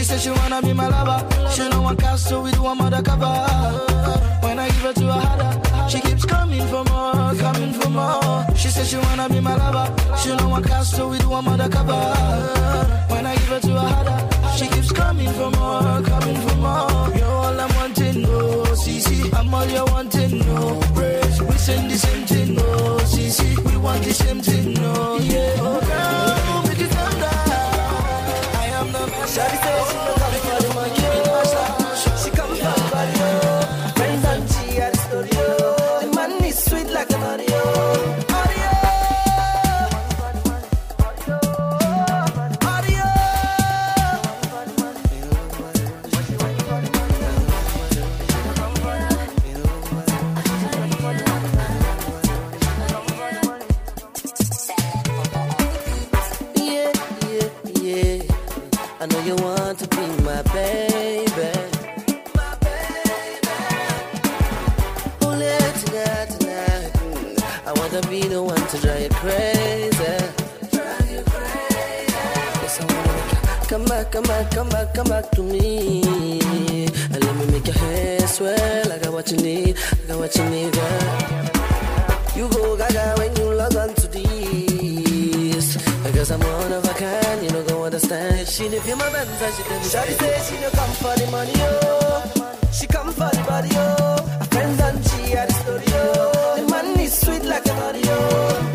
She said she wanna be my lover. She know I cast, so we do a mother undercover. When I give her to a harder, she keeps coming for more, coming for more. She said she wanna be my lover. She know I cast, so we do a mother undercover. When I give her to a harder, she keeps coming for more, coming for more. You're all I'm wanting, no, oh, see, see. I'm all you're wanting, no, oh, praise. We send the same thing, no, oh, see, see. We want the same thing, no, yeah. Oh, girl. come back, come back, come back to me. And let me make your hair swell. I got what you need, I got what you need, girl. You go gaga when you log on to this. Because I'm one of a kind, you know, go understand. She need not feel my bands, I she didn't. Shawty say she no come for the money, oh. She come for the body, oh. friends and she at the studio. The money sweet like an audio.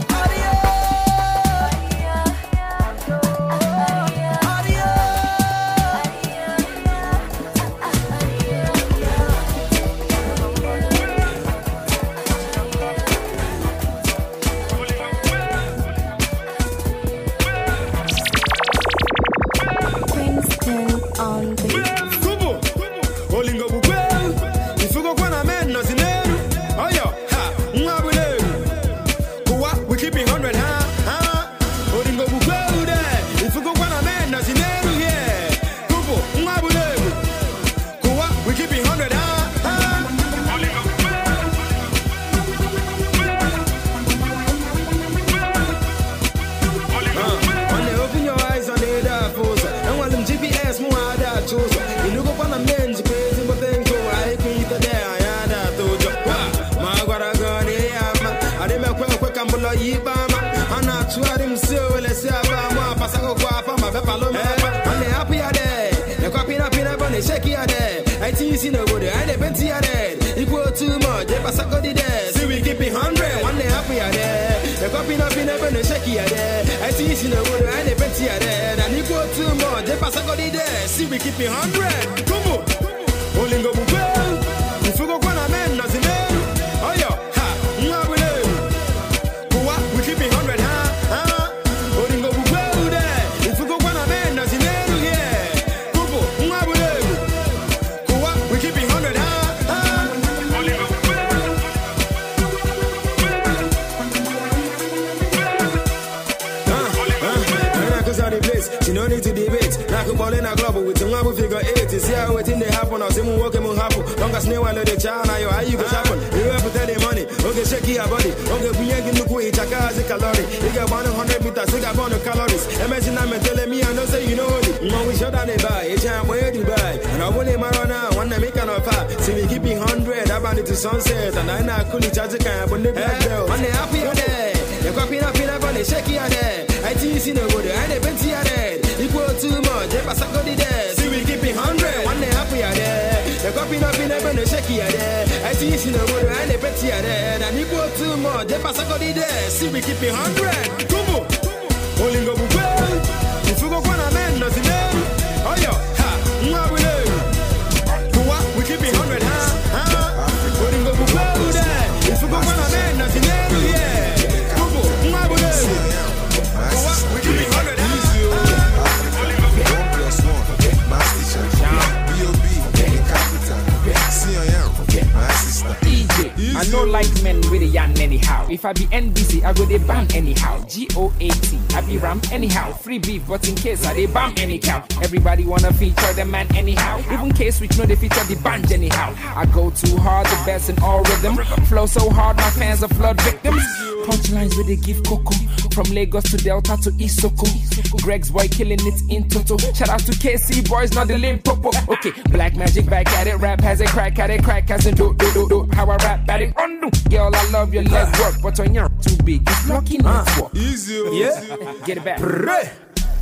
this in the world, and they plenty And you go too much, they pass a god there. See, we keep it 100. Come on, Olingo Buffet. falling a global with the up figure eight. See how waiting they happen. I see moon walking moon happen. Long as new one the China, yo, how you go happen? You ever tell the money? Okay, shake your body. Okay, we ain't gonna go eat a calorie. You got 100 meters, you got 100 calories. Imagine I'm telling me, I know say you know it. No, we shut down the buy. It's time where to buy. And I want a marana, want to make an offer. See, we keep it 100. I want it to sunset. And I know I couldn't charge a can, but the black belt. And they happy on you are copying up in a bunny, shaky on there. I see you see no good. I depend on too much. They pass a good there. See, we keep it 100. One day happy are there. The coffee not in the bend, the shaky I see you in the water and the petty are there. And you go too much. They pass a good there. See, we keep it 100. Kumu. Olingo Bubel. If you go, one man, nothing. Oh, yeah. like men with a yarn anyhow. If I be NBC, I go they ban anyhow. G-O-A-T, I be ram anyhow. Free beef, but in case I they bam anyhow. Everybody wanna feature the man anyhow. Even case which know they feature the band anyhow. I go too hard, the best in all rhythm. Flow so hard, my fans are flood victims. Punchlines with they gift coco. From Lagos to Delta to Isoko. Greg's boy killing it in toto. Shout out to KC boys, not the popo. Okay, black magic back at it. Rap has a crack at it. Crack has a do do do do. How I rap at it. Undo. Girl, I love your leg work, but on your too big. It's lucky not uh, Easy. Oh. Yeah. Easy. Get it back. Eh.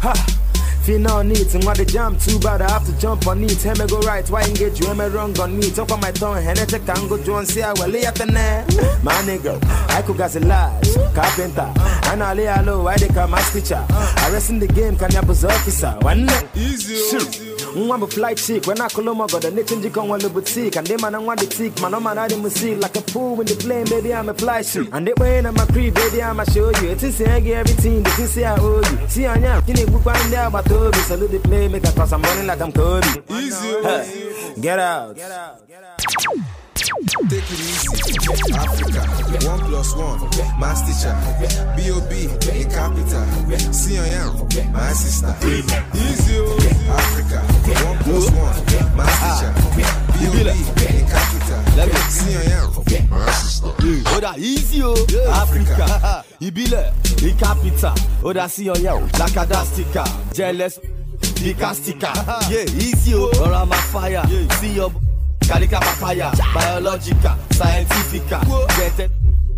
Ha. Feel on it, I'm gonna jump too bad, I have to jump on it. me go right, why engage you? me wrong on me. Talk on my tongue, and I take and go John, see I will lay at the net. My nigga, I could get a large, carpenter. And I lay low, why they come my teacher? I rest in the game, can you officer? One night. Easy. Oh nwa bụ fly chick wee na-akụlụ m ọgọdọ na-eche njikọ and butik ndị mana nwa dị Man, mana ọmana dị m sik like a fool in the plane baby I'm a fly chick and they I'm a creep, baby I'm a show you I egi everything the tinsi I owe you See, si anya m na-egbukwa ndị agbata obi salute the play make I cross I'm running like I'm Kobe easy get out, get out. Get out. Take it easy, Africa. One plus one, my teacher. B.O.B. in capital. See I am, my sister. Easy, oh. Africa. One plus one, my teacher. B.O.B. in capital. See I am, my sister. ó oh, dà easy o oh. africa ìbílẹ̀ in capital ó dà sí ọyẹ́ o lakadastica jealous dicastica yeah easy o ọ̀rọ̀ àmà fire See your. Kalika papaya, biological, scientific, get it?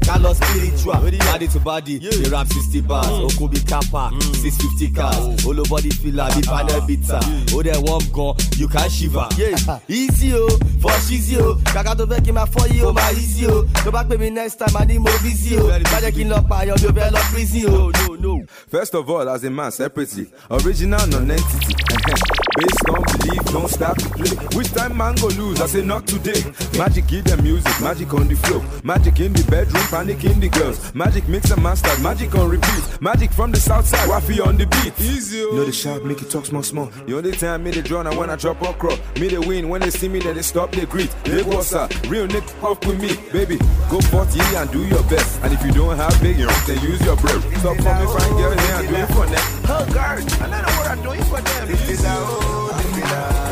Color spiritual, body to body, yeah. they rap 60 bars, mm. Okubi Kappa, mm. 650 cars, oh. Olo body filler, the ah, ah. panel bitter, yeah. oh warm gun, you can shiver. Yeah. easy oh, for cheesy oh, kaka to beg him for you, my easy oh, to back baby next time I need more busy oh, bad king up by your develop prison oh, no, no. First of all, as a man, separately, original non-entity, based on belief don't stop to play. Which time man go lose? I say not today. Magic give them music, magic on the floor. Magic in the bedroom, panic in the girls. Magic mix and master, magic on repeat. Magic from the south side, wafi on the beat. Easy. Oh. No the shout, make it talk small small. The only time me they draw I wanna drop all crop. Me they win when they see me then they stop they greet. They what's up? Real nick off with me, baby. Go forth ye and do your best. And if you don't have big, then use your breath. Stop for me, fine girl here and do it for them. Oh God, and I know what I'm doing for them. This is our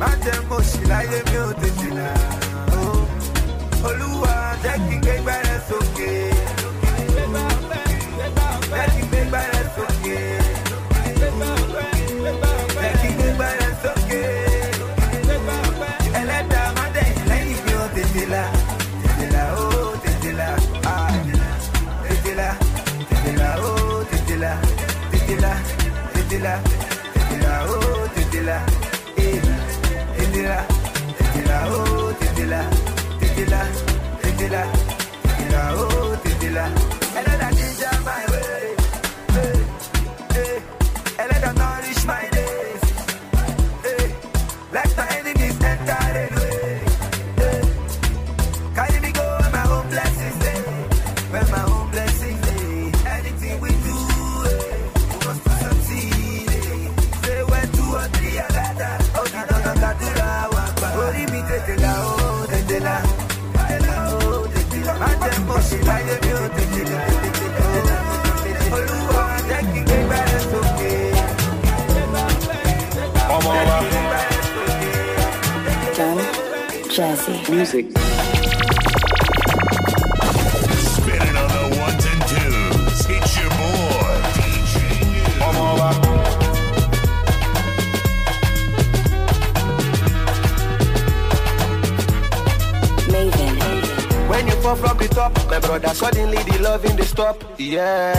má jẹ́ mo ṣì láyé mi ò tètè là ó olúwa jẹ́ kí n. yeah.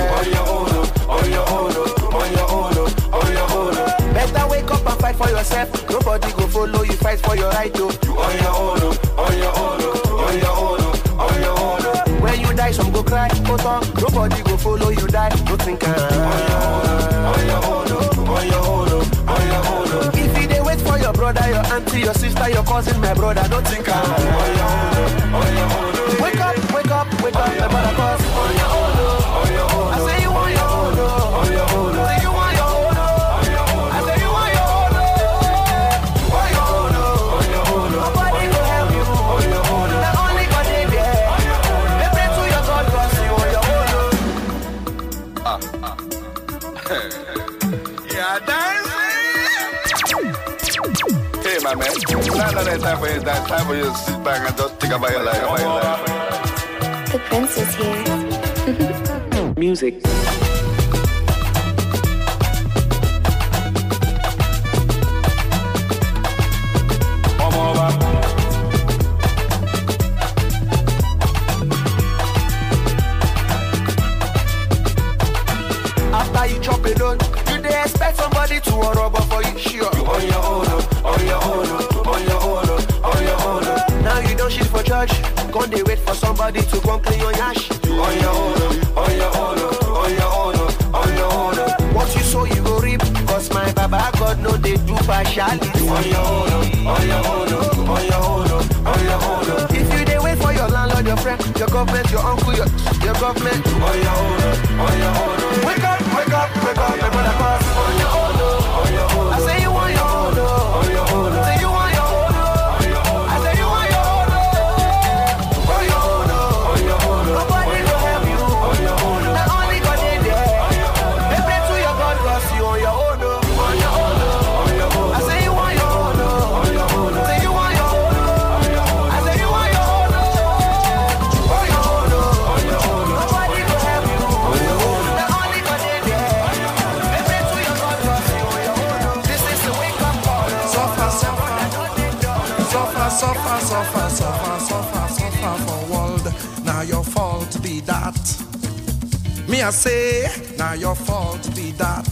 I say, now your fault be that.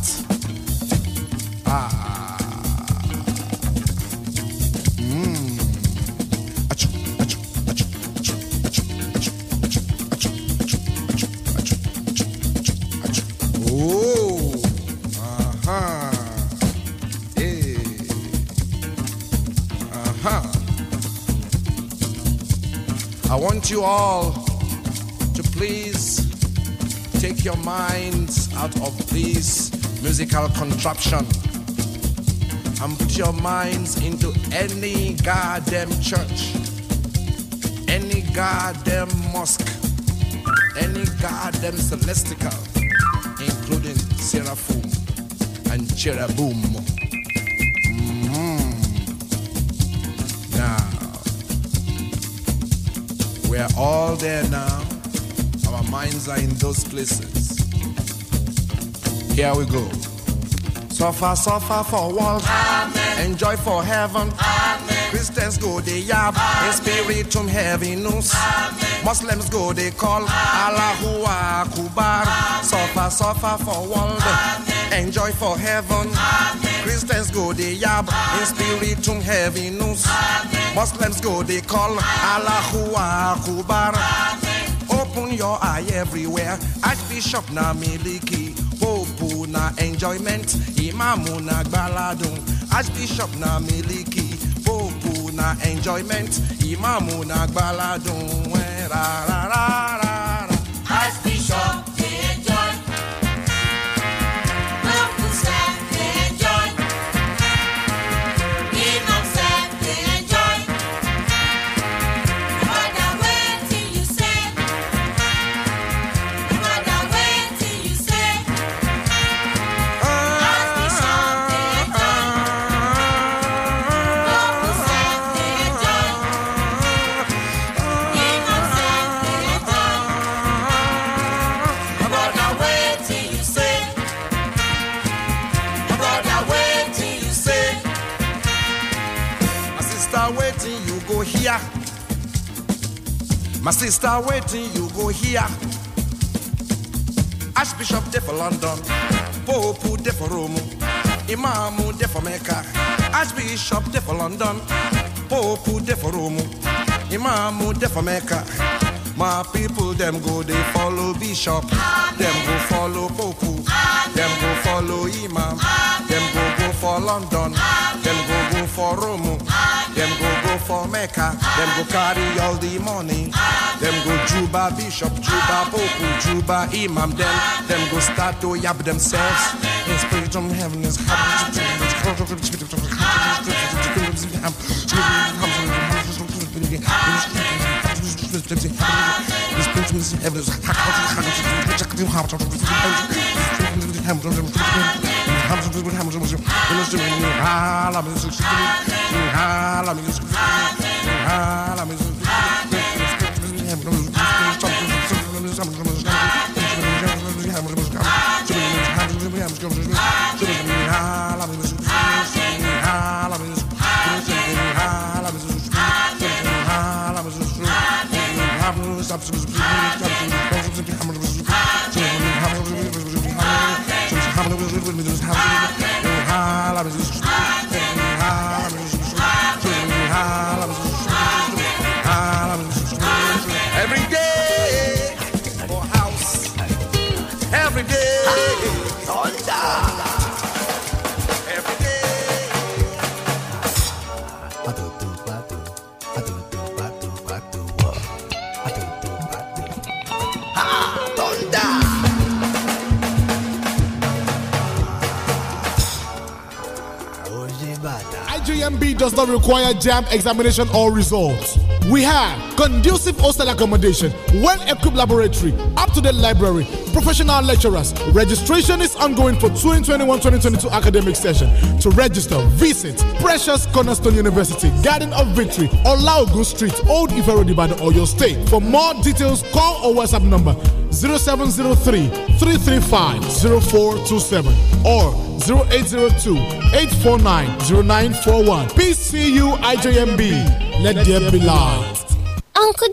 Ah. Oh, I want you all your minds out of this musical contraption and put your minds into any goddamn church, any goddamn mosque, any goddamn celestial, including Seraphim and Cherubim. Mm-hmm. Now, we're all there now. Our minds are in those places. Here we go. Suffer, suffer for world. Amen. Enjoy for heaven. Amen. Christians go they yab. in spiritum heaviness. Amen. Muslims go they call. Allahu Akbar. Suffer, suffer for world. Enjoy for heaven. Christians go they yab. In spiritum heaviness. news. Muslims go they call. Allahu Akbar. Open your eye everywhere. Archbishop Namiliki. na enjoyment imamu na gbaladun archbishop na miliki pope na enjoyment imamu na gbaladun rárá. My sister waiting, you go here. Archbishop there for London, Pope there for Rome, Imam there for Mecca. Archbishop there for London, Pope there for Rome, Imam there for Mecca. My people them go they follow Bishop, them go follow Pope, them go follow Imam, them go go for London, them go go for Rome, them go go for Mecca. Them go carry all the money. Them go Juba Bishop, Juba Pope, Juba Imam. Them, them go start to yap themselves. In spirit from heaven is Amen. Hallelujah! stop, stop, stop. does not require jam examination or results. We have conducive hostel accommodation, well equipped laboratory, up to date library, professional lecturers. Registration is ongoing for 2021 2022 academic session. To register, visit Precious Cornerstone University, Garden of Victory, Olaogun Street, Old Iferodibadan, or your state. For more details, call or WhatsApp number 0703 335 0427 or 0802 849 0941. PCU IJMB. Let there be light. Uncle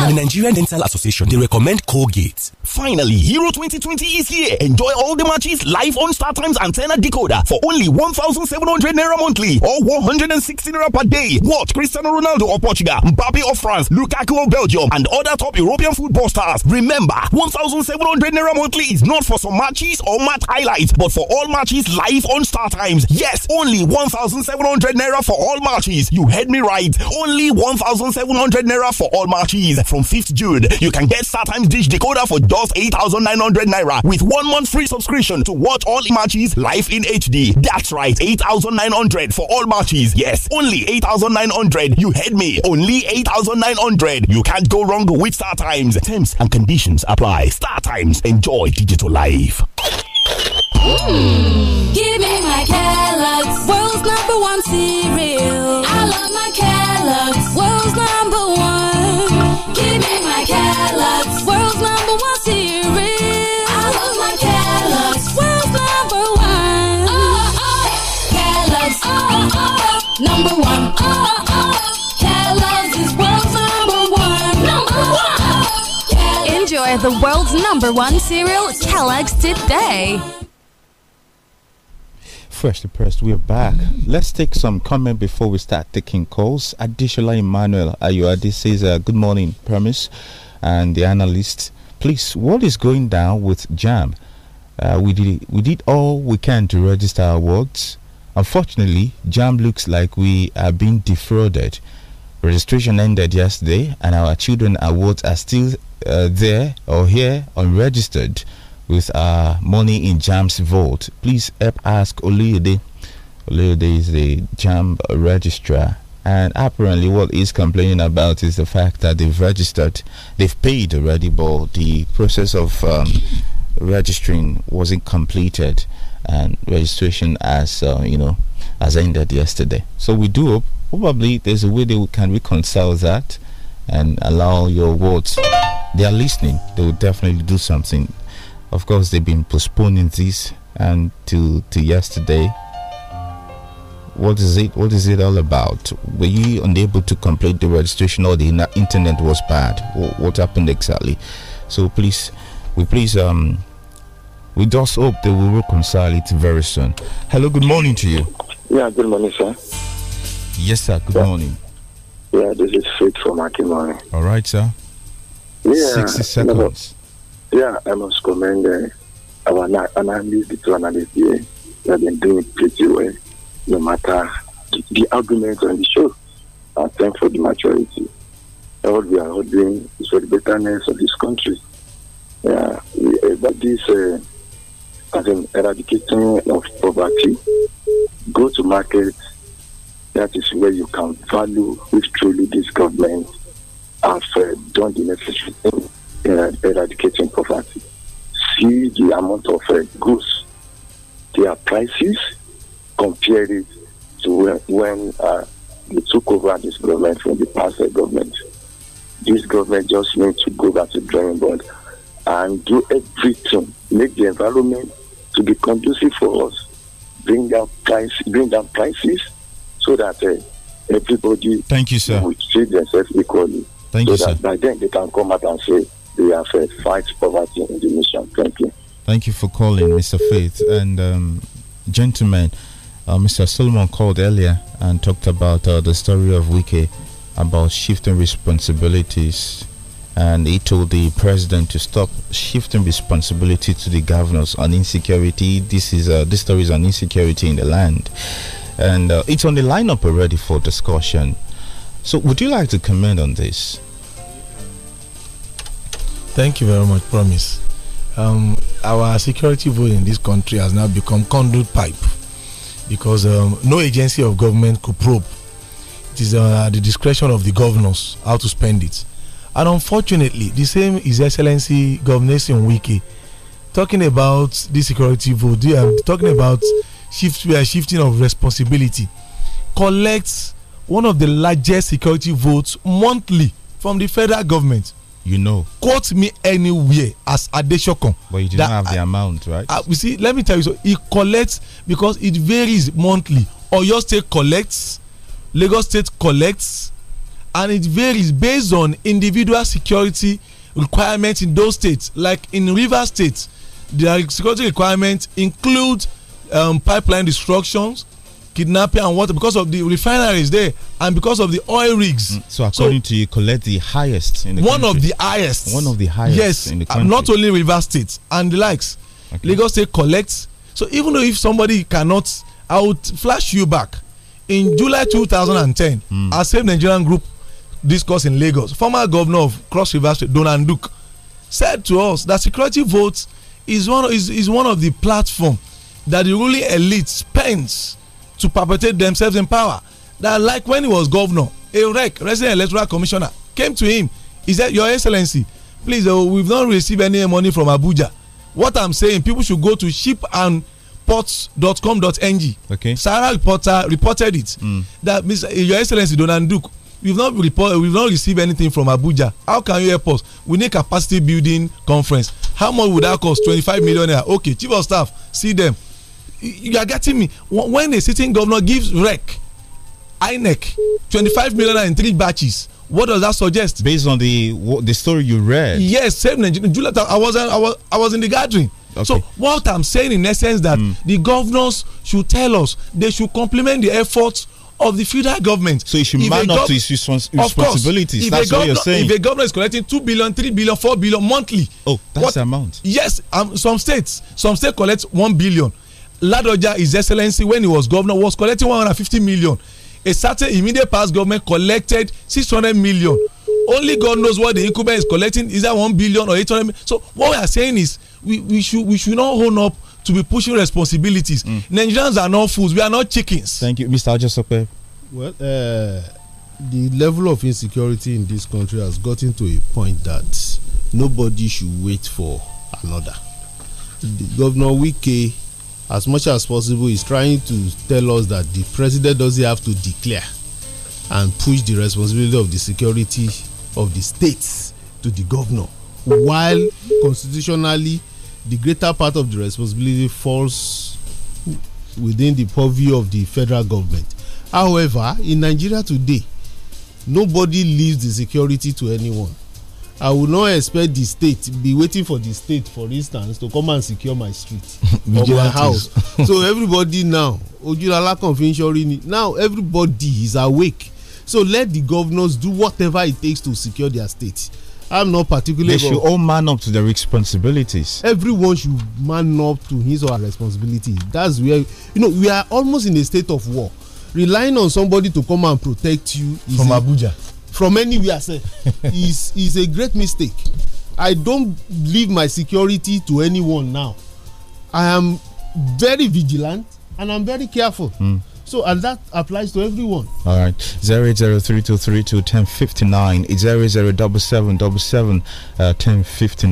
now, the Nigerian Dental Association, they recommend Colgate. Finally, Hero 2020 is here. Enjoy all the matches live on StarTimes antenna decoder for only 1,700 Naira monthly or 160 Naira per day. Watch Cristiano Ronaldo of Portugal, Mbappe of France, Lukaku of Belgium, and other top European football stars. Remember, 1,700 Naira monthly is not for some matches or match highlights, but for all matches live on StarTimes. Yes, only 1,700 Naira for all matches. You heard me right. Only 1,700 Naira for all matches from 5th June, you can get StarTimes Dish Decoder for just 8,900 Naira with one month free subscription to watch all matches live in HD. That's right, 8,900 for all matches. Yes, only 8,900. You heard me. Only 8,900. You can't go wrong with StarTimes. Terms and conditions apply. StarTimes. Enjoy digital life. Mm. Give me my Kellogg's, world's number one cereal. my Kellogg's. World's number one cereal. I love my Kellogg's. World's number one. Oh, oh. Kellogg's. Oh. Oh, oh, oh. Number one. Oh, oh. Kellogg's oh. is world's number one. Number one. Kellogg's. Enjoy the world's number one cereal, Kellogg's, today. Fresh Depressed, we're back. Let's take some comment before we start taking calls. Additionally, Emmanuel Ayuade says, uh, Good morning, Permis and the analyst. Please, what is going down with JAM? Uh, we, did, we did all we can to register our words. Unfortunately, JAM looks like we are being defrauded. Registration ended yesterday, and our children awards are still uh, there or here unregistered with uh, Money in Jam's vault, Please help ask Oluyede. Oluyede is the Jam registrar. And apparently, what he's complaining about is the fact that they've registered, they've paid already, but the process of um, registering wasn't completed, and registration has, uh, you know, has ended yesterday. So we do hope probably there's a way they can reconcile that and allow your words. They are listening. They will definitely do something of course, they've been postponing this until to yesterday. What is it? What is it all about? Were you unable to complete the registration, or the internet was bad? What happened exactly? So please, we please um, we just hope they will reconcile it very soon. Hello, good morning to you. Yeah, good morning, sir. Yes, sir. Good yeah. morning. Yeah, this is Faith from Akimani. All right, sir. Yeah, sixty seconds. Yeah, I must commend uh, our analysts, the two analysts here. They've been doing pretty well, no matter the, the arguments on the show. I thank for the maturity. All we are all doing is for the betterness of this country. Yeah, we, about eh, this, uh, as an eradication of poverty, go to market. That is where you can value if truly this government has uh, eh, done the necessary thing eradicating poverty. See the amount of uh, goods, their prices, compare it to when, uh, they took over this government from the past uh, government. This government just needs to go back to drawing board and do everything, make the environment to be conducive for us, bring down price, bring down prices, so that uh, everybody thank you sir will treat themselves equally. Thank so you, that sir. By then they can come out and say the affair, fight poverty in the nation. Thank you. Thank you for calling, Mr. Faith. And um, gentlemen, uh, Mr. Solomon called earlier and talked about uh, the story of Wiki about shifting responsibilities. And he told the president to stop shifting responsibility to the governors on insecurity. This is uh, this story is on insecurity in the land, and uh, it's on the lineup already for discussion. So, would you like to comment on this? Thank you very much, Promise. Um, our security vote in this country has now become conduit pipe because um, no agency of government could probe. It is uh, the discretion of the governors how to spend it. And unfortunately, the same is Excellency Governor Wiki talking about the security vote, they are um, talking about shift, uh, shifting of responsibility, collects one of the largest security votes monthly from the federal government you know. Quote me anywhere as Adeshokon. But you do not have the I, amount, right? I, you see, let me tell you so. It collects because it varies monthly. Or your State collects, Lagos State collects, and it varies based on individual security requirements in those states. Like in River State, the security requirements include um, pipeline destructions, kidnapping and water because of the refineries there and because of the oil rigs. Mm. So according so, to you, collect the highest in the one country. of the highest. One of the highest. Yes, in the uh, country. not only River State and the likes. Okay. Lagos State collects. So even though if somebody cannot, I would flash you back. In July 2010, mm. our same Nigerian group discussed in Lagos. Former governor of Cross River State, Donald Duke, said to us that security votes is one is, is one of the platform that the ruling elite spends to perpetuate themselves in power. That like when he was governor, a rec, resident electoral commissioner, came to him. He said, Your Excellency, please, uh, we've not received any money from Abuja. What I'm saying, people should go to shipandports.com.ng. and Okay. Sarah reporter reported it mm. that Mr. Eh, Your Excellency Donald Duke, we've not eh, we've not received anything from Abuja. How can you help us? We need capacity building conference. How much would that cost? Twenty-five million. Okay, chief of staff, see them you are getting me when a sitting governor gives rec inec twenty-five million and three batches what does that suggest. based on the the story you read. yes same i was i was i was in the gathering. Okay. so what i'm saying in essence that mm. the governors should tell us they should complement the efforts of the federal government. So it should man up to his responsibilities. Course, that's what you're saying. If a governor is collecting 2 billion, 3 billion, 4 billion monthly. Oh, that's what, the amount. Yes, um, some states, some states collect 1 billion. Ladoja, His Excellency, when he was governor, was collecting 150 million. A certain immediate past government collected 600 million. Only God knows what the incumbent is collecting. Is that 1 billion or 800 million? So, what we are saying is we, we, should, we should not hold up to be pushing responsibilities. Mm. Nigerians are not fools. We are not chickens. Thank you, Mr. Ajasope. Well, uh, the level of insecurity in this country has gotten to a point that nobody should wait for another. The governor Wike as much as possible is trying to tell us that the president doesn't have to declare and push the responsibility of the security of the states to the governor while constitutionally the greater part of the responsibility falls within the purview of the federal government however in nigeria today nobody leaves the security to anyone I will not expect the state be waiting for the state for instance to come and secure my street or my house so everybody now ojulala confidentiary now everybody is awake so let the governors do whatever it takes to secure their state I'm not particularly. They should all man up to their responsibilities. Everyone should man up to his or her responsibility. That's where you know we are almost in a state of war. Relying on somebody to come and protect you from a, Abuja from anywhere sef is is a great mistake i don't leave my security to anyone now i am very vigilant and i'm very careful. Mm. So, and that applies to everyone. All right. 08032321059. It's 00777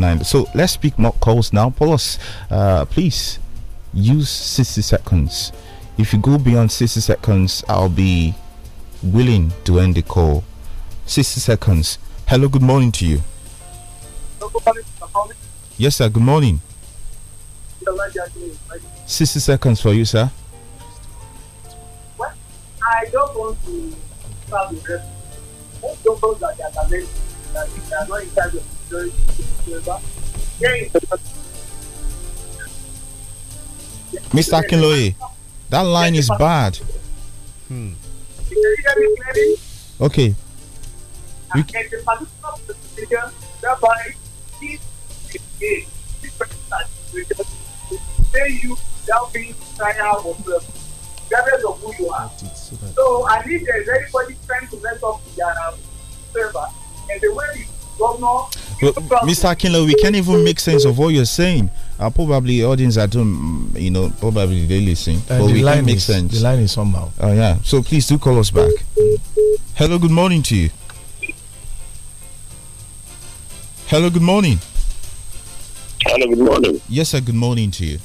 uh, So, let's speak more calls now. Paulus, uh, please use 60 seconds. If you go beyond 60 seconds, I'll be willing to end the call. 60 seconds. Hello, good morning to you. Yes, sir, good morning. 60 seconds for you, sir. I don't want to Mr. Akinloye, that line is bad. Hmm. Okay you, and the particular presentation thereby gives the game different administration to you without being tired of the regardless of who you are. So, I need a very funny friend to mess up the server and the way you governor well, Mr. Akinlo, we can't even make sense of what you're saying. Uh, probably audience at home, mm, you know, probably they listen, uh, but the we line can make is, sense. The line is somehow. Oh yeah. So please do call us back. Hello, good morning to you. Hello, good morning. Hello, good morning. Yes, sir, good morning to you.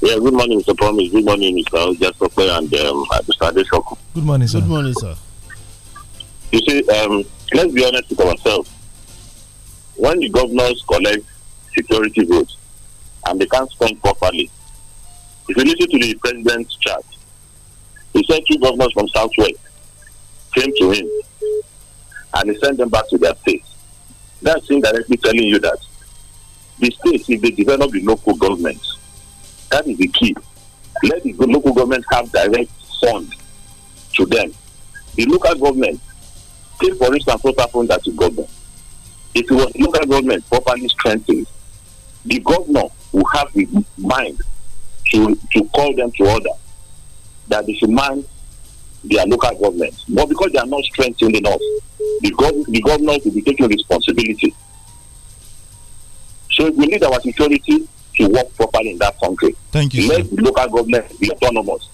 Yeah, good morning, Mr. Promise. Good morning, Mr. Jasper and um, Mr. Good morning, sir. Good morning, sir. You see, um, let's be honest with ourselves. When the governors collect security votes and they can't spend properly, if you listen to the president's chat, he said two governors from Southwest came to him and he sent them back to their states that's indirectly telling you that the state, if they develop the local government, that is the key. Let the local government have direct fund to them. The local government, take for instance what happened at the government. If it was local government properly strengthened, the governor will have the mind to, to call them to order that they should mind their local governments. But because they are not strengthened enough, the, gov- the government will be taking responsibility. So we need our security to work properly in that country. Thank you. Let the local government be autonomous.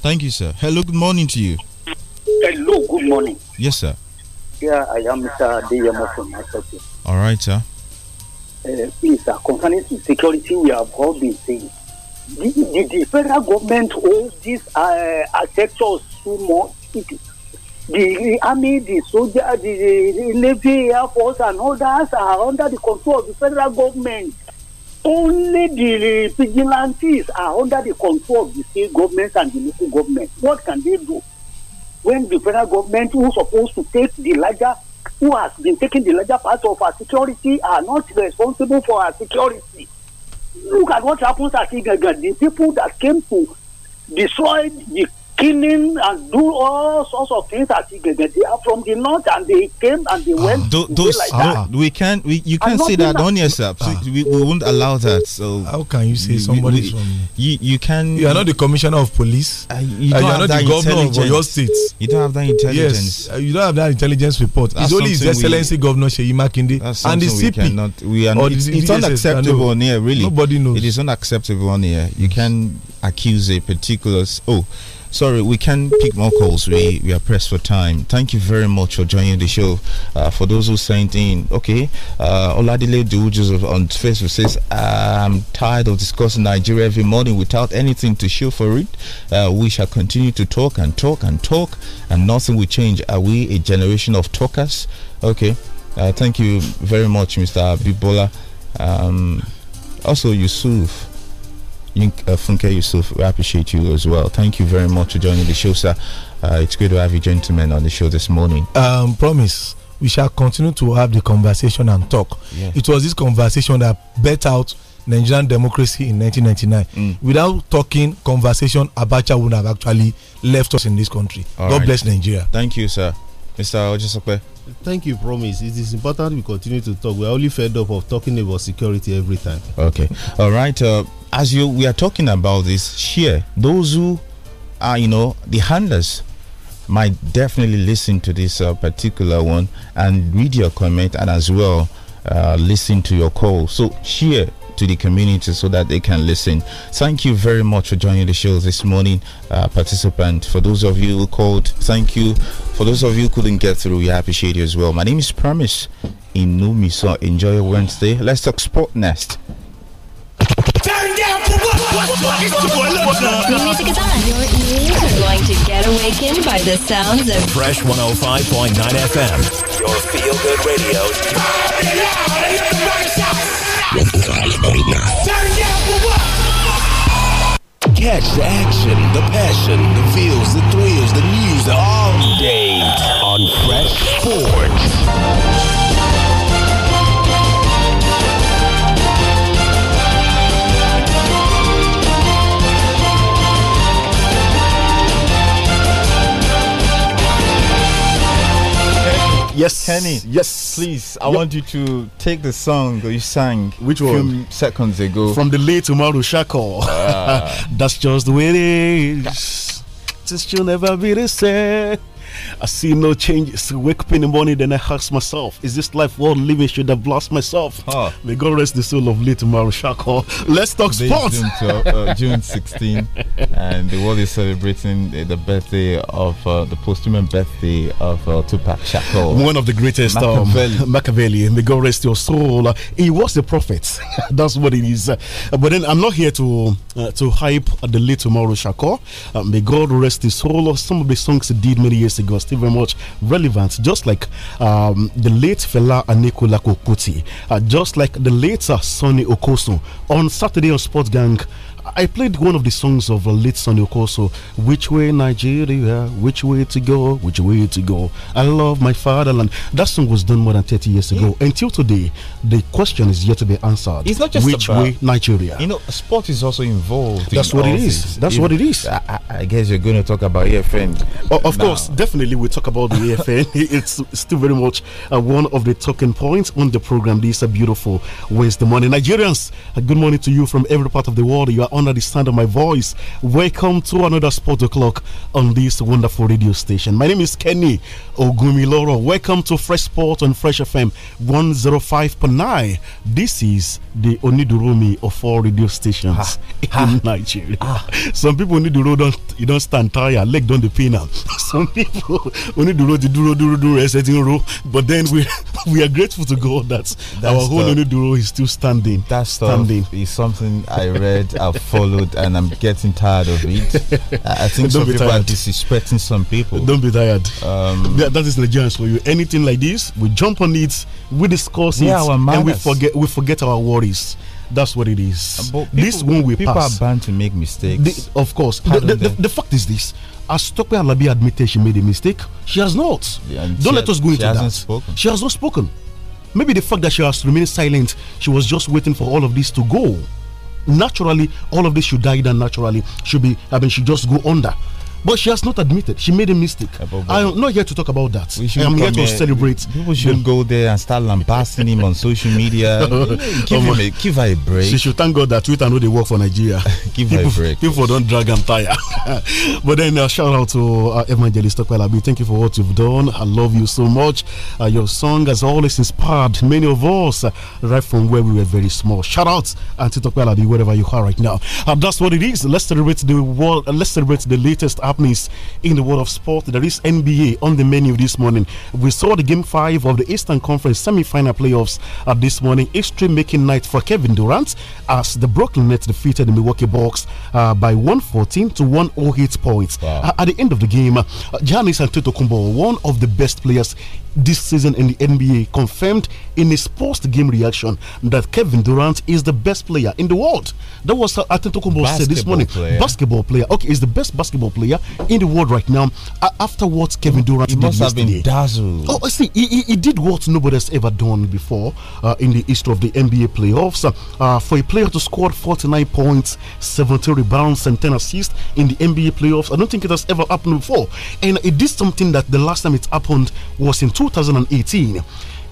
Thank you, sir. Hello, good morning to you. Hello, good morning. Yes, sir. Yeah, I am Mr. Adeyemo from All right, sir. Uh, please, sir, concerning security, we have all been saying the, the, the federal government holds these uh, uh sectors so much. The army, the soldier, the, the navy, air force, and others are under the control of the federal government. Only the vigilantes are under the control of the state governments and the local government. What can they do when the federal government, who's supposed to take the larger, who has been taking the larger part of our security, are not responsible for our security? look at what happens at Igaga. The people that came to destroy the killing and do all sorts of things that They are from the north and they came and they ah. went. Do, those, like ah. that. we can't, we, you can't say that on yourself. Ah. So we, we won't allow that. So how can you say somebody from you? You can. You are not the commissioner of police. Uh, you, uh, you, are not the governor of your state. You don't have that intelligence. Yes, uh, you don't have that intelligence report. That's it's only His Excellency Governor Sheyi Makinde and the CP. We, cannot, we are. Or it's, it's unacceptable on here. Really, nobody knows. It is unacceptable on here. You can accuse a particular. Oh Sorry, we can pick more calls. We we are pressed for time. Thank you very much for joining the show. Uh, for those who sent in, okay, uh, Oladile Joseph on Facebook says, I'm tired of discussing Nigeria every morning without anything to show for it. Uh, we shall continue to talk and talk and talk, and nothing will change. Are we a generation of talkers? Okay, uh, thank you very much, Mr. Bibola. Um, also, Yusuf. Uh, Funke Yusuf, we appreciate you as well. Thank you very much for joining the show, sir. Uh, it's good to have you, gentlemen, on the show this morning. Um, promise we shall continue to have the conversation and talk. It was this conversation that bet out Nigerian democracy in 1999. Mm. Without talking conversation, Abacha would have actually left us in this country. All God right. bless Nigeria. Thank you, sir. Mr. Ojesope. Thank you, promise. It is important we continue to talk. We are only fed up of talking about security every time. Okay. All right. Uh, as you we are talking about this share, those who are you know the handlers might definitely listen to this uh, particular one and read your comment and as well uh, listen to your call. So share to the community so that they can listen. Thank you very much for joining the show this morning, uh, participant. For those of you who called, thank you. For those of you who couldn't get through, we appreciate you as well. My name is Promise in so Enjoy your Wednesday. Let's talk sport next coming down for what? It's your boy The music is on. Your ears are going to get awakened by the sounds of Fresh 105.9 FM. Your feel good radio. Turn down for what? Catch the action, the passion, the feels, the thrills, the news all day on Fresh Sports. Kenny, yes, please. I yep. want you to take the song you sang, which was seconds ago, from the late Umaru Shako. Ah. That's just the way it is. Since you'll never be the same. I see no changes. Wake up in the morning, then I ask myself, is this life worth living? Should I blast myself? Huh. May God rest the soul of late Maru Shako. Let's talk this sports. June, 12, uh, June 16, and the world is celebrating the birthday of uh, the posthumous birthday of uh, Tupac Shakur. One of the greatest um, Machiavelli. Um, Machiavelli. May God rest your soul. he was a prophet. That's what it is. Uh, but then I'm not here to uh, to hype the late Maru Shako. Uh, may God rest his soul. Some of the songs he did many years ago still very much relevant, just like um, the late Fela Anekola Kuti, uh, just like the later uh, Sonny Okosun on Saturday on Sports Gang. I played one of the songs of uh, late Sunday Okoso, Which Way Nigeria, Which Way to Go, Which Way to Go. I love my fatherland. That song was done more than 30 years ago. Until today, the question is yet to be answered. It's not just Which about, way Nigeria? You know, sport is also involved. That's in what it is. That's what it is. I, I, guess you're going to talk about AFN. Oh, of now. course, definitely we talk about the AFN. it's still very much uh, one of the talking points on the program. This is uh, a beautiful Wednesday morning. Nigerians, uh, good morning to you from every part of the world. You are under the sound of my voice. Welcome to another Sport O'Clock on this wonderful radio station. My name is Kenny Ogumiloro. Welcome to Fresh Sport on Fresh FM 105.9. This is the Onidurumi of all radio stations ah, in ah, Nigeria. Ah. Some people need Oniduro don't, you don't stand tired, leg don't the pain now. Some people only the duro, duro, duro, duro, eh, but then we, we are grateful to God that That's our whole Duro is still standing. That's standing. Is something I read. I've followed, and I'm getting tired of it. I think some people tired. are disrespecting some people. Don't be tired. Um, that is Nigerians for you. Anything like this, we jump on it, we discuss we it, and we forget we forget our worries. That's what it is. Uh, people, this one will pass. People are bound to make mistakes. of course. The, the, the, the, fact is this. As Tokwe Alabi admitted she made a mistake, she has not. Yeah, Don't let us go into that. Spoken. She has not spoken. Maybe the fact that she has remained silent, she was just waiting for all of this to go naturally all of this should die down naturally should be i mean should just go under but she has not admitted she made a mistake. I'm not here to talk about that. I'm here to celebrate. People should go there and start lambasting him on social media. give, um, him a, give her a break. She should thank God that Twitter know they work for Nigeria. give people, her a break. People don't drag and tire. but then uh, shout out to uh, Evangelist Okwelabi. Thank you for what you've done. I love you so much. Uh, your song has always inspired many of us uh, right from where we were very small. Shout out Auntie Tokwelabi, wherever you are right now. Uh, that's what it is. Let's celebrate the world. Uh, let's celebrate the latest happenings in the world of sport. There is NBA on the menu this morning. We saw the game five of the Eastern Conference semi-final playoffs uh, this morning. Extreme making night for Kevin Durant as the Brooklyn Nets defeated the Milwaukee Bucks uh, by 114 to 108 points. Wow. Uh, at the end of the game, uh, Giannis Antetokounmpo, one of the best players this season in the NBA confirmed in his post game reaction that Kevin Durant is the best player in the world. That was what Antetokounmpo said this morning. Player. Basketball player. Okay, is the best basketball player in the world right now. after what Kevin Durant he did must yesterday. have been dazzled. Oh, see, he, he, did what nobody has ever done before uh, in the history of the NBA playoffs. Uh, for a player to score 49 points, 70 rebounds, and 10 assists in the NBA playoffs, I don't think it has ever happened before. And it did something that the last time it happened was in 2018,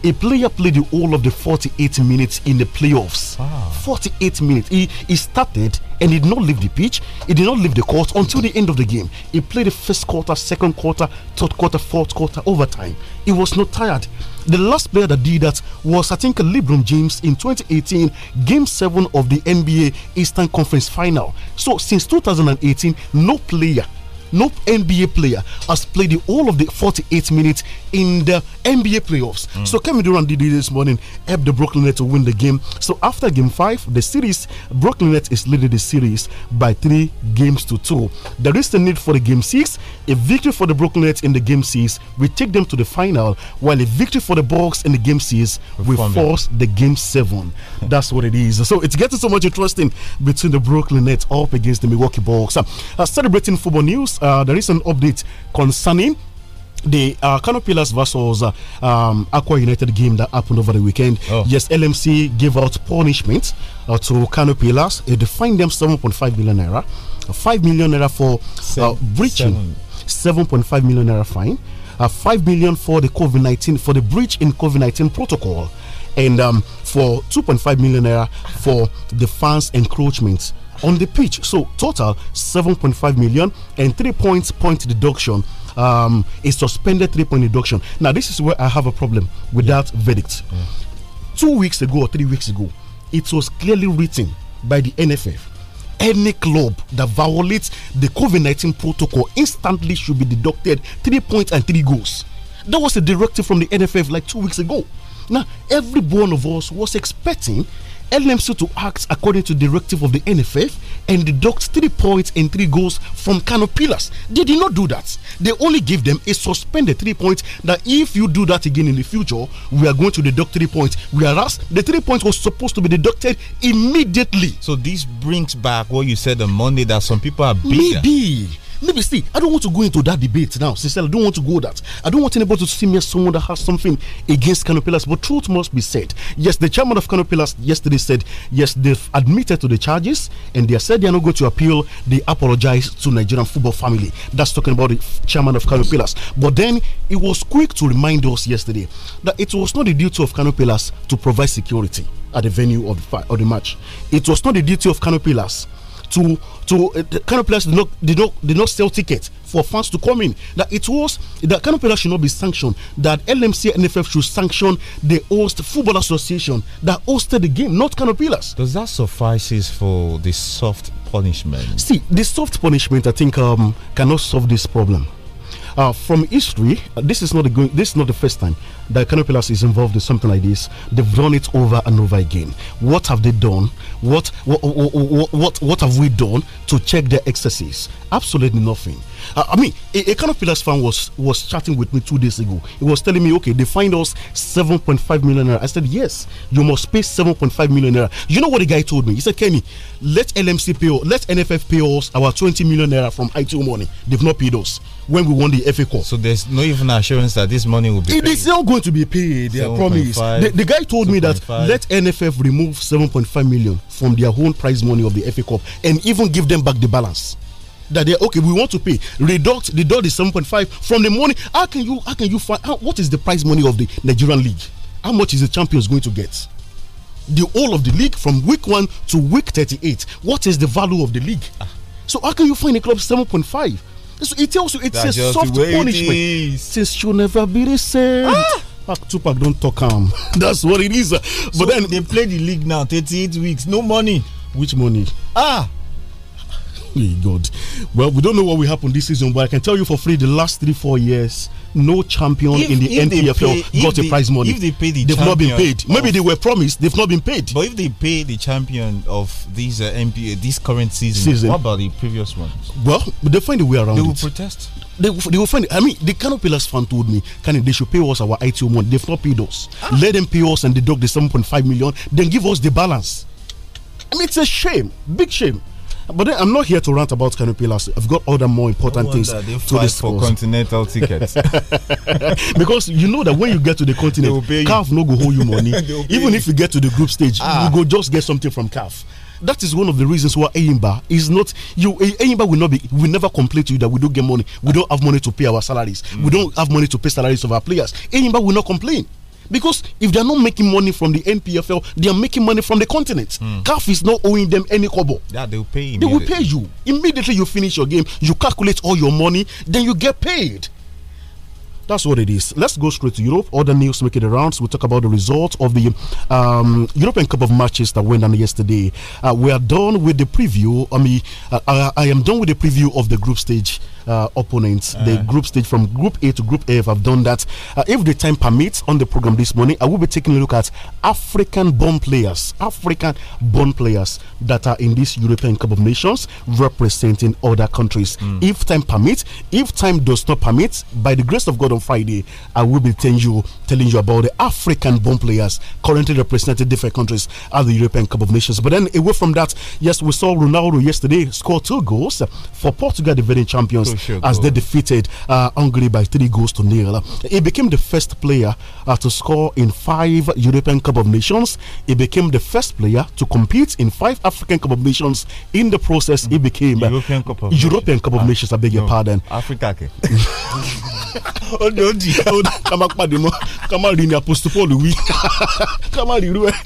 a player played the whole of the 48 minutes in the playoffs. Wow. 48 minutes. He, he started and did not leave the pitch. He did not leave the court until the end of the game. He played the first quarter, second quarter, third quarter, fourth quarter, overtime. He was not tired. The last player that did that was, I think, LeBron James in 2018, Game 7 of the NBA Eastern Conference Final. So, since 2018, no player no NBA player has played the whole of the 48 minutes in the NBA playoffs. Mm. So Kevin Durant did this morning, helped the Brooklyn Nets to win the game. So after game five, the series, Brooklyn Nets is leading the series by three games to two. There is the need for the game six. A victory for the Brooklyn Nets in the game six will take them to the final, while a victory for the Bucks in the game six will force the game seven. That's what it is. So it's getting so much interesting between the Brooklyn Nets up against the Milwaukee Bucks. Uh, celebrating football news uh, there is an update concerning the uh, Canopilas versus uh, um, Aqua United game that happened over the weekend. Oh. Yes, LMC gave out punishment uh, to Canopilas. They fined them 7.5 million naira, 5 million naira for uh, breaching, 7.5 million naira fine, uh, 5 million for the COVID 19 for the breach in COVID 19 protocol, and um, for 2.5 million naira for the fans' encroachment on the pitch. So total 7.5 million and three points point deduction. Um, a suspended three point deduction. Now this is where I have a problem with yeah. that verdict. Yeah. Mm. Two weeks ago or three weeks ago, it was clearly written by the NFF any club that violates the COVID 19 protocol instantly should be deducted three points and three goals. That was a directive from the NFF like two weeks ago. Now, every one of us was expecting LMC to act according to directive of the NFF and deduct three points and three goals from Kano Pillars. They did not do that. They only gave them a suspended three points that if you do that again in the future, we are going to deduct three points. Whereas the three points was supposed to be deducted immediately. So this brings back what you said on Monday that some people are bigger. Maybe Maybe see, I don't want to go into that debate now. Sincerely, I don't want to go that. I don't want anybody to see me as someone that has something against Canopilas. But truth must be said. Yes, the chairman of Canopilas yesterday said yes, they've admitted to the charges and they said they are not going to appeal. They apologize to Nigerian football family. That's talking about the chairman of Canopilas. But then it was quick to remind us yesterday that it was not the duty of Canopilas to provide security at the venue of the, of the match. It was not the duty of Canopilas to to uh, the kind of players did not did not did not sell tickets for fans to come in. That it was that kind of should not be sanctioned. That LMC and NFF should sanction the host football association that hosted the game, not kind of pillars. Does that suffices for the soft punishment? See, the soft punishment I think um, cannot solve this problem. Uh, from history, uh, this is not the this is not the first time that Canopilas is involved in something like this. They've done it over and over again. What have they done? What what, what, what, what have we done to check their excesses? Absolutely nothing. I mean, a, a kind of Pillars fan was was chatting with me two days ago. He was telling me, okay, they find us 7.5 million naira. I said, yes, you must pay 7.5 million naira. You know what the guy told me? He said, Kenny, let LMC pay, let NFF pay us our 20 million naira from ITO money. They've not paid us when we won the FA Cup. So there's no even assurance that this money will be. It is paid. not going to be paid. They promise. The, the, guy told me that 5. let NFF remove 7.5 million from their own prize money of the FA Cup and even give them back the balance that they okay, we want to pay. Reduct the reduct the seven point five from the money. How can you how can you find out what is the prize money of the Nigerian league? How much is the champions going to get? The whole of the league from week one to week thirty-eight. What is the value of the league? Ah. So how can you find a club seven point five? So it tells you it's That's a soft punishment. since Since will never be the same. Ah! Pack two pack don't talk calm. That's what it is. But so then they play the league now, 38 weeks, no money. Which money? Ah Hey God. Well, we don't know what will happen this season, but I can tell you for free the last three, four years, no champion if, in the NPFL pay, got they, a prize money. If they pay the they've not been paid. Maybe they were promised, they've not been paid. But if they pay the champion of these uh, NBA, this current season, season, what about the previous ones? Well, they find a way around They will it. protest. They, they, will find it. I mean, the Canopilas fan told me, can they should pay us our ITO money. They've not paid us. Ah. Let them pay us and deduct the 7.5 million, then give us the balance. I mean, it's a shame, big shame. But then I'm not here to rant about Canopy Last. I've got other more important no oh, things to discuss. for continental tickets. because you know that when you get to the continent, CAF no go hold you money. Even if you get to the group stage, ah. you go just get something from calf. that is one of the reasons why Eyimba is not you eh, Eyimba will not be will never complain to you that we don't get money we don't have money to pay our salaries mm. we don't have money to pay salaries of our players Eyimba will not complain because if they're not making money from the NPFL, they are making money from the continent. Mm. CAF is not owing them any kobo. Yeah, they'll pay They will pay you. Immediately you finish your game, you calculate all your money, then you get paid. That's what it is. Let's go straight to Europe. Other news making the rounds. We'll talk about the results of the um, European Cup of matches that went on yesterday. Uh, we are done with the preview. I mean, uh, I, I am done with the preview of the group stage. Uh, opponents. Uh. the group stage from Group A to Group F have done that. Uh, if the time permits on the program this morning, I will be taking a look at African-born players, African-born players that are in this European Cup of Nations representing other countries. Mm. If time permits, if time does not permit, by the grace of God on Friday, I will be telling you telling you about the African born players currently representing different countries at the European Cup of Nations. But then away from that, yes, we saw Ronaldo yesterday score two goals for Portugal, the defending champions, as goal. they defeated uh, Hungary by three goals to nil. He became the first player uh, to score in five European Cup of Nations. He became the first player to compete in five African Cup of Nations. In the process, he became European Cup of European Nations. Cup of ah, Nations. I beg your pardon. Africa. oh no, ká má rí ni apostle Paul wí ká má rí irú ẹ̀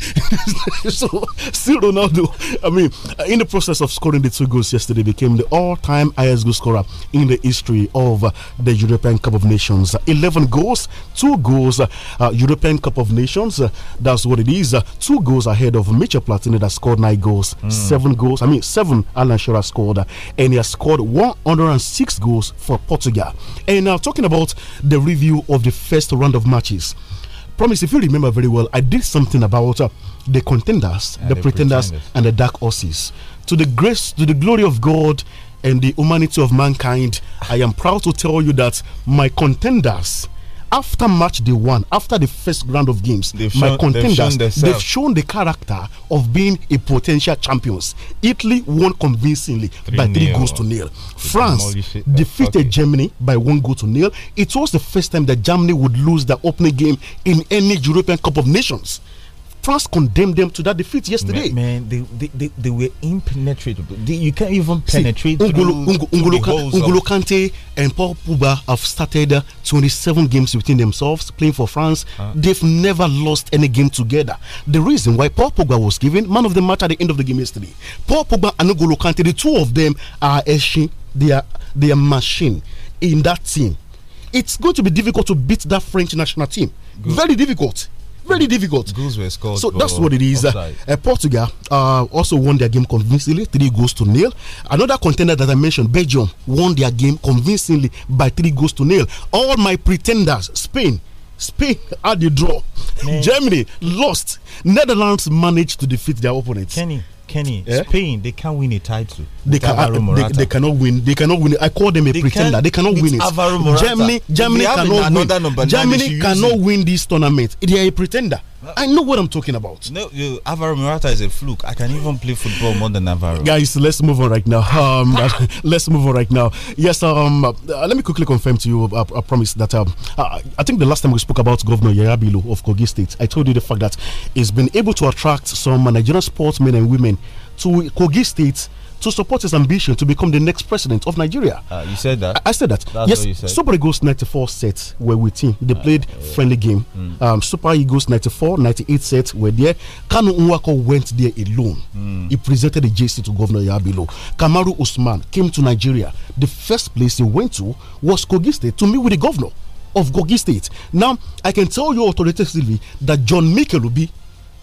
so still Ronaldo I mean uh, in the process of scoring the two goals yesterday became the all-time highest goal scorer in the history of uh, the European Cup of Nations. 11 goals, 2 goals, uh, uh European Cup of Nations. Uh, that's what it is. 2 goals ahead of Mitchell Platini that scored 9 goals, mm. 7 goals. I mean, 7 Alan Shearer scored, and he has scored 106 goals for Portugal. And now, talking about the review of the first round of matches promise. Promise, if you remember very well, I did something about uh, the contenders, yeah, the, the, pretenders, pretenders, and the dark horses. To the grace, to the glory of God, and the humanity of mankind, I am proud to tell you that my contenders after match day one, after the first round of games, they've my shown, contenders, they've shown, they've shown, the character of being a potential champions. Italy won convincingly three by three nil. goals to nil. France defeated okay. Germany by one goal to nil. It was the first time that Germany would lose their opening game in any European Cup of Nations. France condemned them to that defeat yesterday. Man, man they, they, they, they, were impenetrable. They, you can't even penetrate. Ungolo, Ungolo, Kante and Paul Pogba have started 27 games between themselves playing for France. Uh-huh. They've never lost any game together. The reason why Paul Pogba was given man of the match at the end of the game yesterday. Paul Pogba and Ungolo Kante, the two of them are a they are, they are machine in that team. It's going to be difficult to beat that French national team. Good. Very difficult. Very difficult. Goals were scored. So that's what it is. Uh, uh, Portugal uh, also won their game convincingly, three goals to nil. Another contender that I mentioned, Belgium, won their game convincingly by three goals to nil. All my pretenders, Spain. Spain had the draw. Man. Germany lost. Netherlands managed to defeat their opponents. Kenny, Kenny, yeah? Spain, they can't win a title. They, can, uh, they, they, cannot win. They cannot win. I call them a they pretender. They cannot win it. Germany, Germany cannot win. Germany cannot win this tournament. They are a pretender. I know what I'm talking about. No, you, Alvaro Murata is a fluke. I can even play football more than Alvaro. Guys, let's move on right now. Um, let's move on right now. Yes, uh, um, uh, let me quickly confirm to you. Uh, I, promise that um, uh, I think the last time we spoke about Governor Yarabilo of Kogi State, I told you the fact that he's been able to attract some Nigerian sportsmen and women to Kogi State to support his ambition to become the next president of Nigeria. Uh, you said that. I, I said that. That's yes. What Super Eagles 94 set were with him. They ah, played uh, yeah. friendly game. Mm. Um, Super Eagles 94, 98 set were there. Kanu Unwako went there alone. Mm. He presented the JC to Governor Yabilo. Kamaru Usman came to Nigeria. The first place he went to was Kogi State to meet with the governor of Kogi State. Now, I can tell you authoritatively that John Mikelubi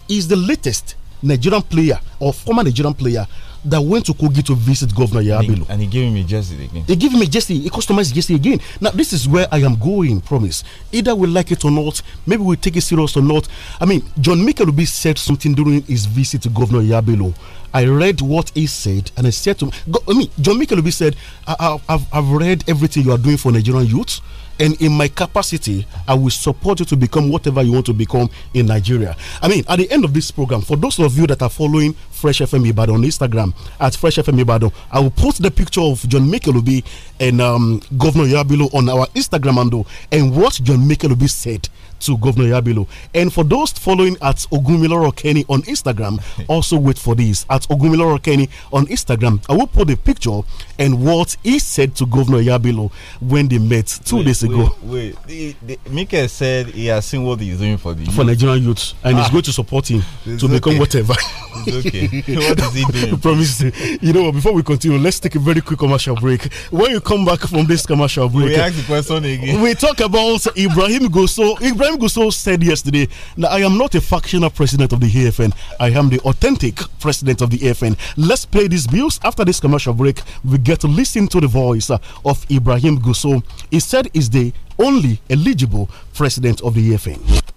is the latest Nigerian player or former Nigerian player that went to Kogi to visit Governor Yabilo. And he gave him a jersey again. He gave him a jersey, he customized jersey again. Now, this is where I am going, promise. Either we like it or not, maybe we take it serious or not. I mean, John Michael Obi said something during his visit to Governor Yabilo. I read what he said and I said to him, I mean, John Michael Obi said, I, I, I've, I've read everything you are doing for Nigerian youth and in my capacity, I will support you to become whatever you want to become in Nigeria. I mean, at the end of this program, for those of you that are following Fresh FM Ibadan on Instagram at Fresh FM Ibadan, I will post the picture of John Mikelubi and um, Governor Yabilo on our Instagram handle and what John Mekelubi said to Governor Yabilo. And for those following at Ogumiloro Kenny on Instagram, also wait for this at Ogumiloro Kenny on Instagram. I will put a picture and what he said to Governor Yabilo when they met two wait, days ago. Wait, wait. The, the, said he has seen what he's doing for the for Nigerian youth, and ah. he's going to support him it's to okay. become whatever. It's okay. what is he doing? Promise. You know, before we continue, let's take a very quick commercial break. When you come come back from this commercial break, we ask the question again. We talk about Ibrahim Gusso. Ibrahim Gusso said yesterday that I am not a factional president of the AFN. I am the authentic president of the AFN. Let's play these bills after this commercial break. We get to listen to the voice uh, of Ibrahim Gusso. He said he's the only eligible president of the AFN.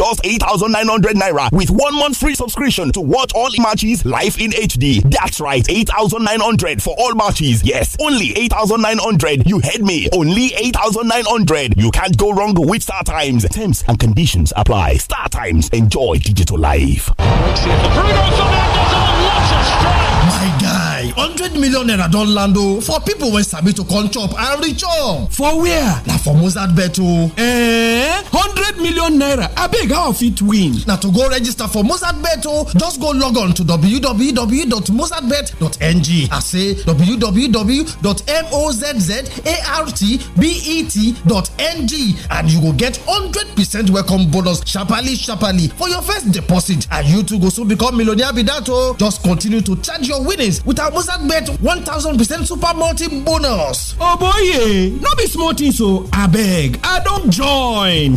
just 8,900 naira with one month free subscription to watch all matches live in HD. That's right, 8,900 for all matches. Yes, only 8,900. You heard me. Only 8,900. You can't go wrong with Star Times. Terms and conditions apply. Star Times. Enjoy digital life. hundred million naira don land o for people wey sabi to come chop and reach up. for where? na for mozart bet o. Eh, hundred million naira abeg how i fit win? na to go register for mozart bet o just go log on to www.mozartbet.ng as say www.mozzartbet.ng and you go get hundred percent welcome bonus sharparly sharparly for your first deposit and you too go soon become millionaire be that o. just continue to charge your winnings without. Mozart bet 1000% super multi bonus. Oh boy, no be small thing so abeg, I don join.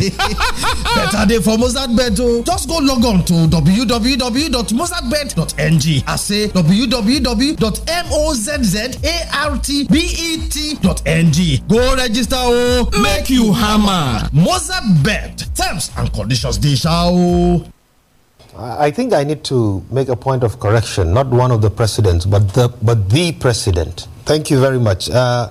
Better day for Mozart bet o. Oh. Just go log on to www.mozartbet.ng I say www.mozzartbet.ng go register o. Oh. Make you hammer. Mozart bet. Terms and conditions dey sha o. Oh. I think I need to make a point of correction, not one of the presidents, but the, but the president. Thank you very much. Uh,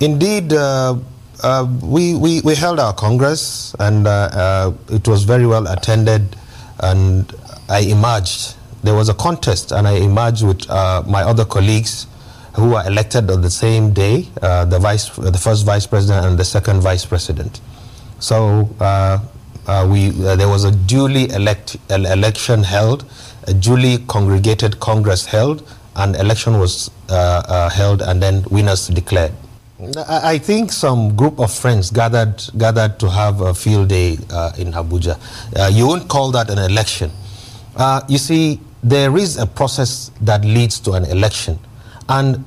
indeed, uh, uh, we, we, we, held our Congress and uh, uh, it was very well attended and I emerged. There was a contest and I emerged with uh, my other colleagues who were elected on the same day, the, vice, the first vice president and the second vice president. So uh, we, uh, there was a duly elect, election held, a duly congregated Congress held, and election was uh, uh, held, and then winners declared. I think some group of friends gathered gathered to have a field day uh, in Abuja. Uh, you won't call that an election. you see, there is a process that leads to an election, and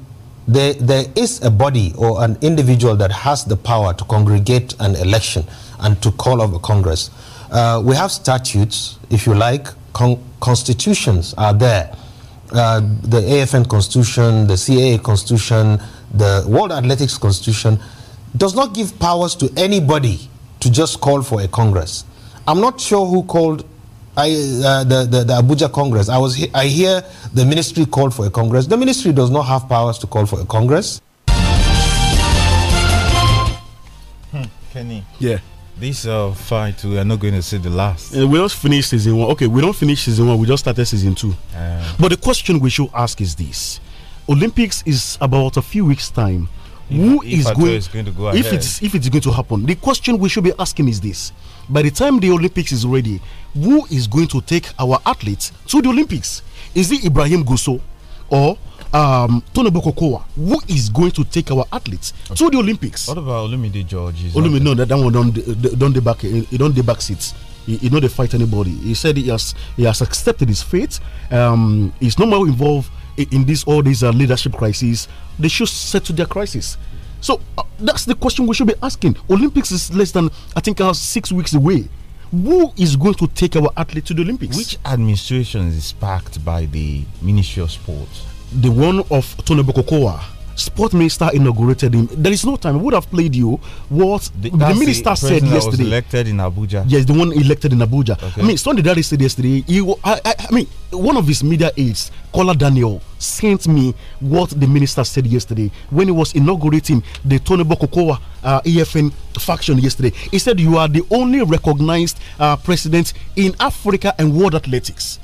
there, there is a body or an individual that has the power to congregate an election and to call of a Congress. Uh, we have statutes, if you like, con constitutions are there. Uh, the AFN Constitution, the CAA Constitution, the World Athletics Constitution does not give powers to anybody to just call for a Congress. I'm not sure who called I, uh, the, the, the, Abuja Congress, I, was, I hear the ministry called for a Congress. The ministry does not have powers to call for a Congress. Hmm, Kenny. Yeah. This uh, fight, we are not going to see the last. Uh, we just finished season one. Okay, we don't finish season one. We just started season two. Uh, but the question we should ask is this: Olympics is about a few weeks time. If, Who if is going, is going to go ahead. if it's if it's going to happen? The question we should be asking is this: By the time the Olympics is ready, who is going to take our athletes to the Olympics? Is it Ibrahim Gusso or um, Tony Bokokoa, who is going to take our athletes okay. to the Olympics? What about Olumide George? Olumide, no, that, that one don't don't deback he don't deback seats. He, he not fight anybody. He said he has he has accepted his fate. Um, he's no more involved in this all these uh, leadership crises. They should settle their crisis. So uh, that's the question we should be asking. Olympics is less than I think uh, six weeks away. Who is going to take our athlete to the Olympics? Which administration is backed by the Ministry of Sport? The one of Tony Bokokoa Sport Minister inaugurated him. There is no time. I would have played you what the, the minister the said yesterday. elected in Abuja. Yes, the one elected in Abuja. Okay. I mean, Sunday Daddy said yesterday. He, I, I, I mean, one of his media aides, Kola Daniel, sent me what the minister said yesterday when he was inaugurating the Tony Bokokoa uh, EFN faction yesterday. He said, You are the only recognized uh, president in Africa and world athletics.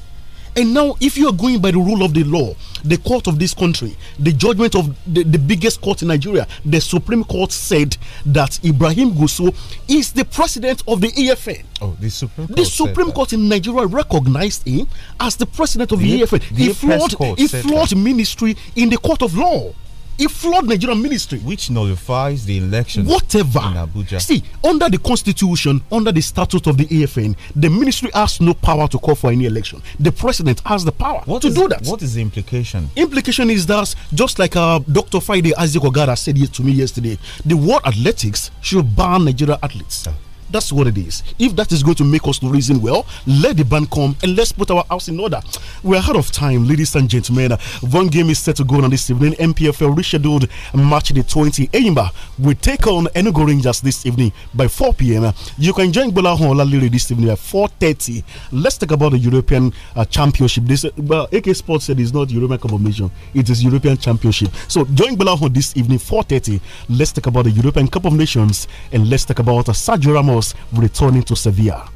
And now, if you are going by the rule of the law, the court of this country, the judgment of the, the biggest court in Nigeria, the Supreme Court said that Ibrahim Gusso is the president of the EFN. Oh, the Supreme Court. The Supreme Court in Nigeria recognized him as the president of the, the EFN. The he flawed, he flawed ministry in the court of law. He flawed Nigerian ministry. Which nullifies the election. Whatever. In Abuja. See, under the constitution, under the statute of the AFN, the ministry has no power to call for any election. The president has the power what to is, do that. What is the implication? Implication is that just like uh, Dr. Friday Isaac said to me yesterday, the world athletics should ban Nigerian athletes. Oh. That's what it is. If that is going to make us to reason well, let the ban come and let's put our house in order. We're out of time, ladies and gentlemen. One game is set to go on this evening. MPFL rescheduled match the 20. Eimba will take on Enugu Rangers this evening by 4 p.m. You can join Bola Lily this evening at 4.30. Let's talk about the European uh, Championship. This, well, AK Sports said it's not European Cup It is European Championship. So join Bola this evening 4.30. Let's talk about the European Cup of Nations and let's talk about uh, Sergio Ramos returning to Sevilla.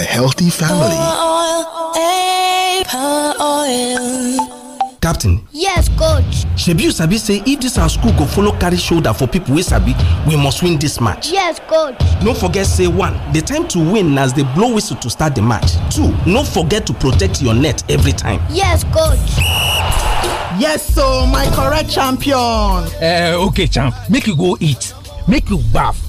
a healthy family. Oil, oil, Captain. Yes, coach. Shebi you sabi say if this our school go follow carry shoulder for people wey sabi, we must win this match. Yes, coach. No forget say one, the time to win as they blow whistle to start the match. Two, no forget to protect your net every time. Yes, coach. yes so my correct champion eh okay champ make you go eat make you bath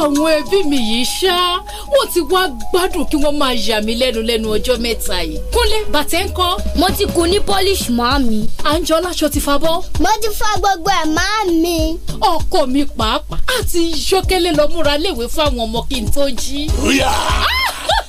àwọn ẹbí mi yìí ṣá wọn ti wá gbádùn kí wọ́n máa yà mí lẹ́nu lẹ́nu ọjọ́ mẹ́ta yìí. kúnlẹ̀ bàtẹ́ ń kọ́. mo ti kun ní polish máa mi. àǹjọ́lá aṣọ ti fa bọ́. mo ti fa gbogbo ẹ̀ máa mi. ọkọ mi pàápàá àti yọkẹlẹ lọ léwe fún àwọn ọmọ kí n tó jí. ríà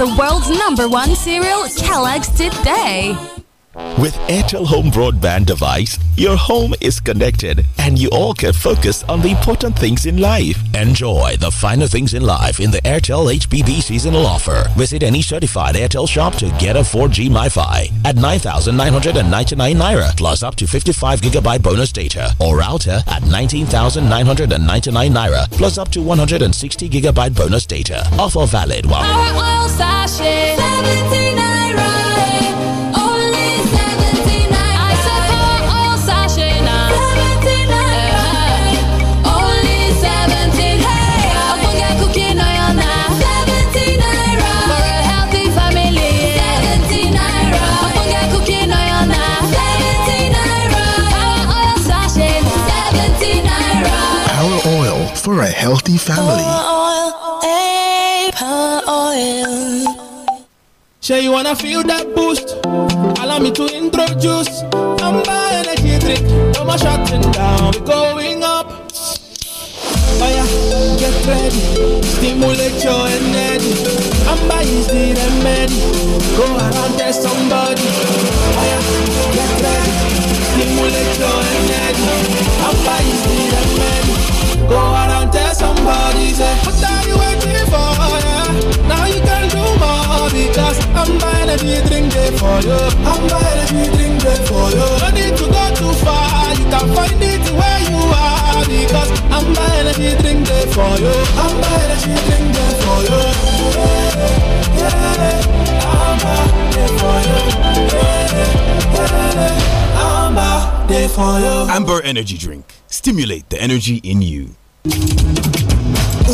the world's number one cereal, Kellogg's Today. With Airtel Home Broadband device, your home is connected and you all can focus on the important things in life. Enjoy the finer things in life in the Airtel HBB seasonal offer. Visit any certified Airtel shop to get a 4G MiFi at 9,999 Naira plus up to 55 gigabyte bonus data or router at 19,999 Naira plus up to 160 gigabyte bonus data. Offer valid while... a healthy family. Say you wanna feel that boost? Allow me to introduce Amber Energy Drink. No more shutting down, we're going up. Fire, get ready, stimulate your energy. Amber is the remedy. Go somebody. Fire, get ready, stimulate your energy. Amber is the remedy. Go tell somebody, say, what are you waiting for? Yeah? Now you can do more because I'm buying drink day for you. I'm buying drink day for you. No need to go too far, you can find it where you are because I'm buying drink day for you. I'm buying drink day for you. Yeah, yeah, I'm buying it for you. Amber Energy Drink. Stimulate the energy in you. Outro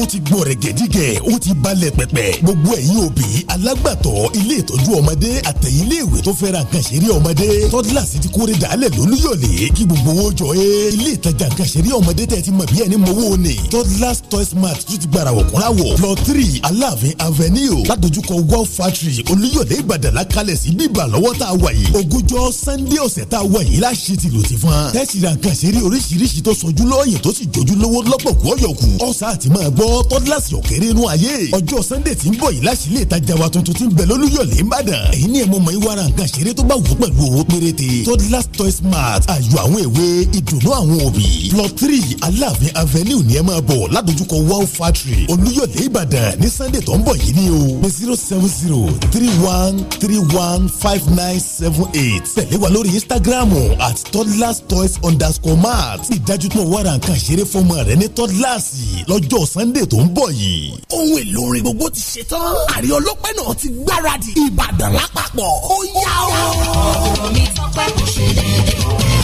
ó ti gbọ̀rẹ̀ gẹ̀dígẹ̀ ó ti balẹ̀ pẹ̀pẹ̀ gbogbo ẹ̀yin òbí alágbàtọ́ ilé ìtọ́jú ọmọdé àtẹ̀yìnléèwé tó fẹ́ra nǹkan ṣeré ọmọdé toddlers ti kórè dàálẹ̀ lólúyọ̀lé kí gbogbo owó jọ ẹ́ ilé ìtajà nǹkan ṣeré ọmọdé tẹ̀ ti mọ̀ bí ẹni mọ̀wó ni toddlers toys mart tún ti gbàrà wọ̀kúnráwọ̀ plot three aláàfin avenue ládojúkọ wow factory olúyọ̀lé ìbàdàn lákàlẹ̀ sí bíbà lọ́wọ́ tá a wà yìí ogúnjọ́ sunday ọ̀sẹ̀ tá a wà yìí láṣẹ ti lò ti fún un tẹ́sí ra nǹkan ṣeré oríṣiríṣi tó sọjú lọ́ọ̀yìn tó sì jojú lówó lọ́pọ̀ kú ọ̀yọ̀kù ọ̀sà àti ọ̀rọ̀ toddlers yọ̀kẹ́rẹ́ inú ayé ọjọ́ sunday tí ń bọ̀ yìí láti ilé ìtajà wa tuntun tí ń bẹ lólúyọ̀lé ìbàdàn èyí ni ẹ̀mọ́ mọ̀ọ́yì wàrà nǹkan ṣeré tó bá wù ú pẹ̀lú owó péréte toddlers toys mart ayọ̀ àwọn èwe ìdùnnú àwọn òbí plot three aláàfin avenue ní ẹ máa bọ̀ ládojúkọ wow factory olúyọ̀lé ìbàdàn ní sunday tó ń bọ̀ yìí ni o pé zero seven zero three one three one five nine seven eight tẹ̀lé wa lórí instagram at toddlers toys underscore mart ìdájú tó wàrà nǹkan ṣeré fọmọ rẹ ní toddlers lọ́jọ́ sunday sunday tó ń bọ̀ yìí. ohun èlò orin gbogbo ti ṣe tán. àrí ọlọ́pẹ́ náà ti gbáradì ìbàdàn lápapọ̀ ó yá o. ọ̀rọ̀ mi tọ́pẹ́ kò ṣe déédéé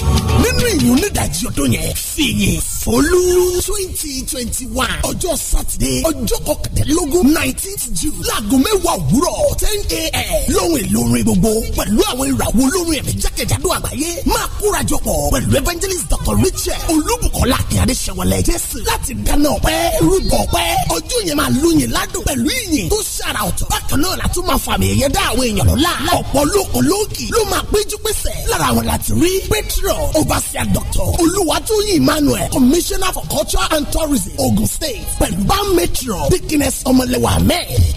nínú ìyún nídàjí ọdún yẹn fìyìn fọlú twenty twenty one ọjọ́ sátidé ọjọ́ kọkàndínlógún nineteenth june láago mẹ́wàá òwúrọ̀ ten a.m. lóhùn ìlórin gbogbo pẹ̀lú àwọn ìràwọ̀ olórin ẹ̀mí jákèjádò àgbáyé máa kórajọ pọ̀ pẹ̀lú evangelist dr richard olúbùkọ́lá akínyàdé sẹ̀wọ̀lẹ̀ jésù láti dáná ọpẹ́ rúbọ ọpẹ́ ọjọ́ yẹn máa lóyin ládùn pẹ̀lú ìyìn tó ṣàrà ọ̀tọ̀ bákan náà la tún máa fàmì ẹ̀yẹ dá àwọn èèyàn lọ́lá ọ̀pọ̀ lóko lóògì ló máa péjú pèsè lára àwọn láti rí petro ob Overseer Doctor Oluwatoyin Emmanuel Commissioner for Culture and Tourism Ogun State pẹ̀lú bá matron Dickiness Ọmọlẹ́wà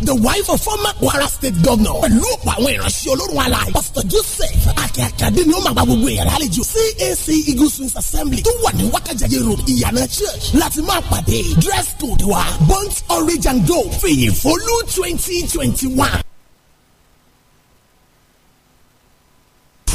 the wife of former Kwara State Governor pẹ̀lú ọ̀pọ̀ àwọn ìránṣẹ́ olórun alaye Pastor Joseph Akíakíadé ni ó máa gba gbogbo ìyàrá àlejò CAC Eagle Swings Assembly tó wà ní Wákàjáde Road Ìyànà Church láti máa pàdé dress code wa burnt orange and gold fìyìn fólú twenty twenty one.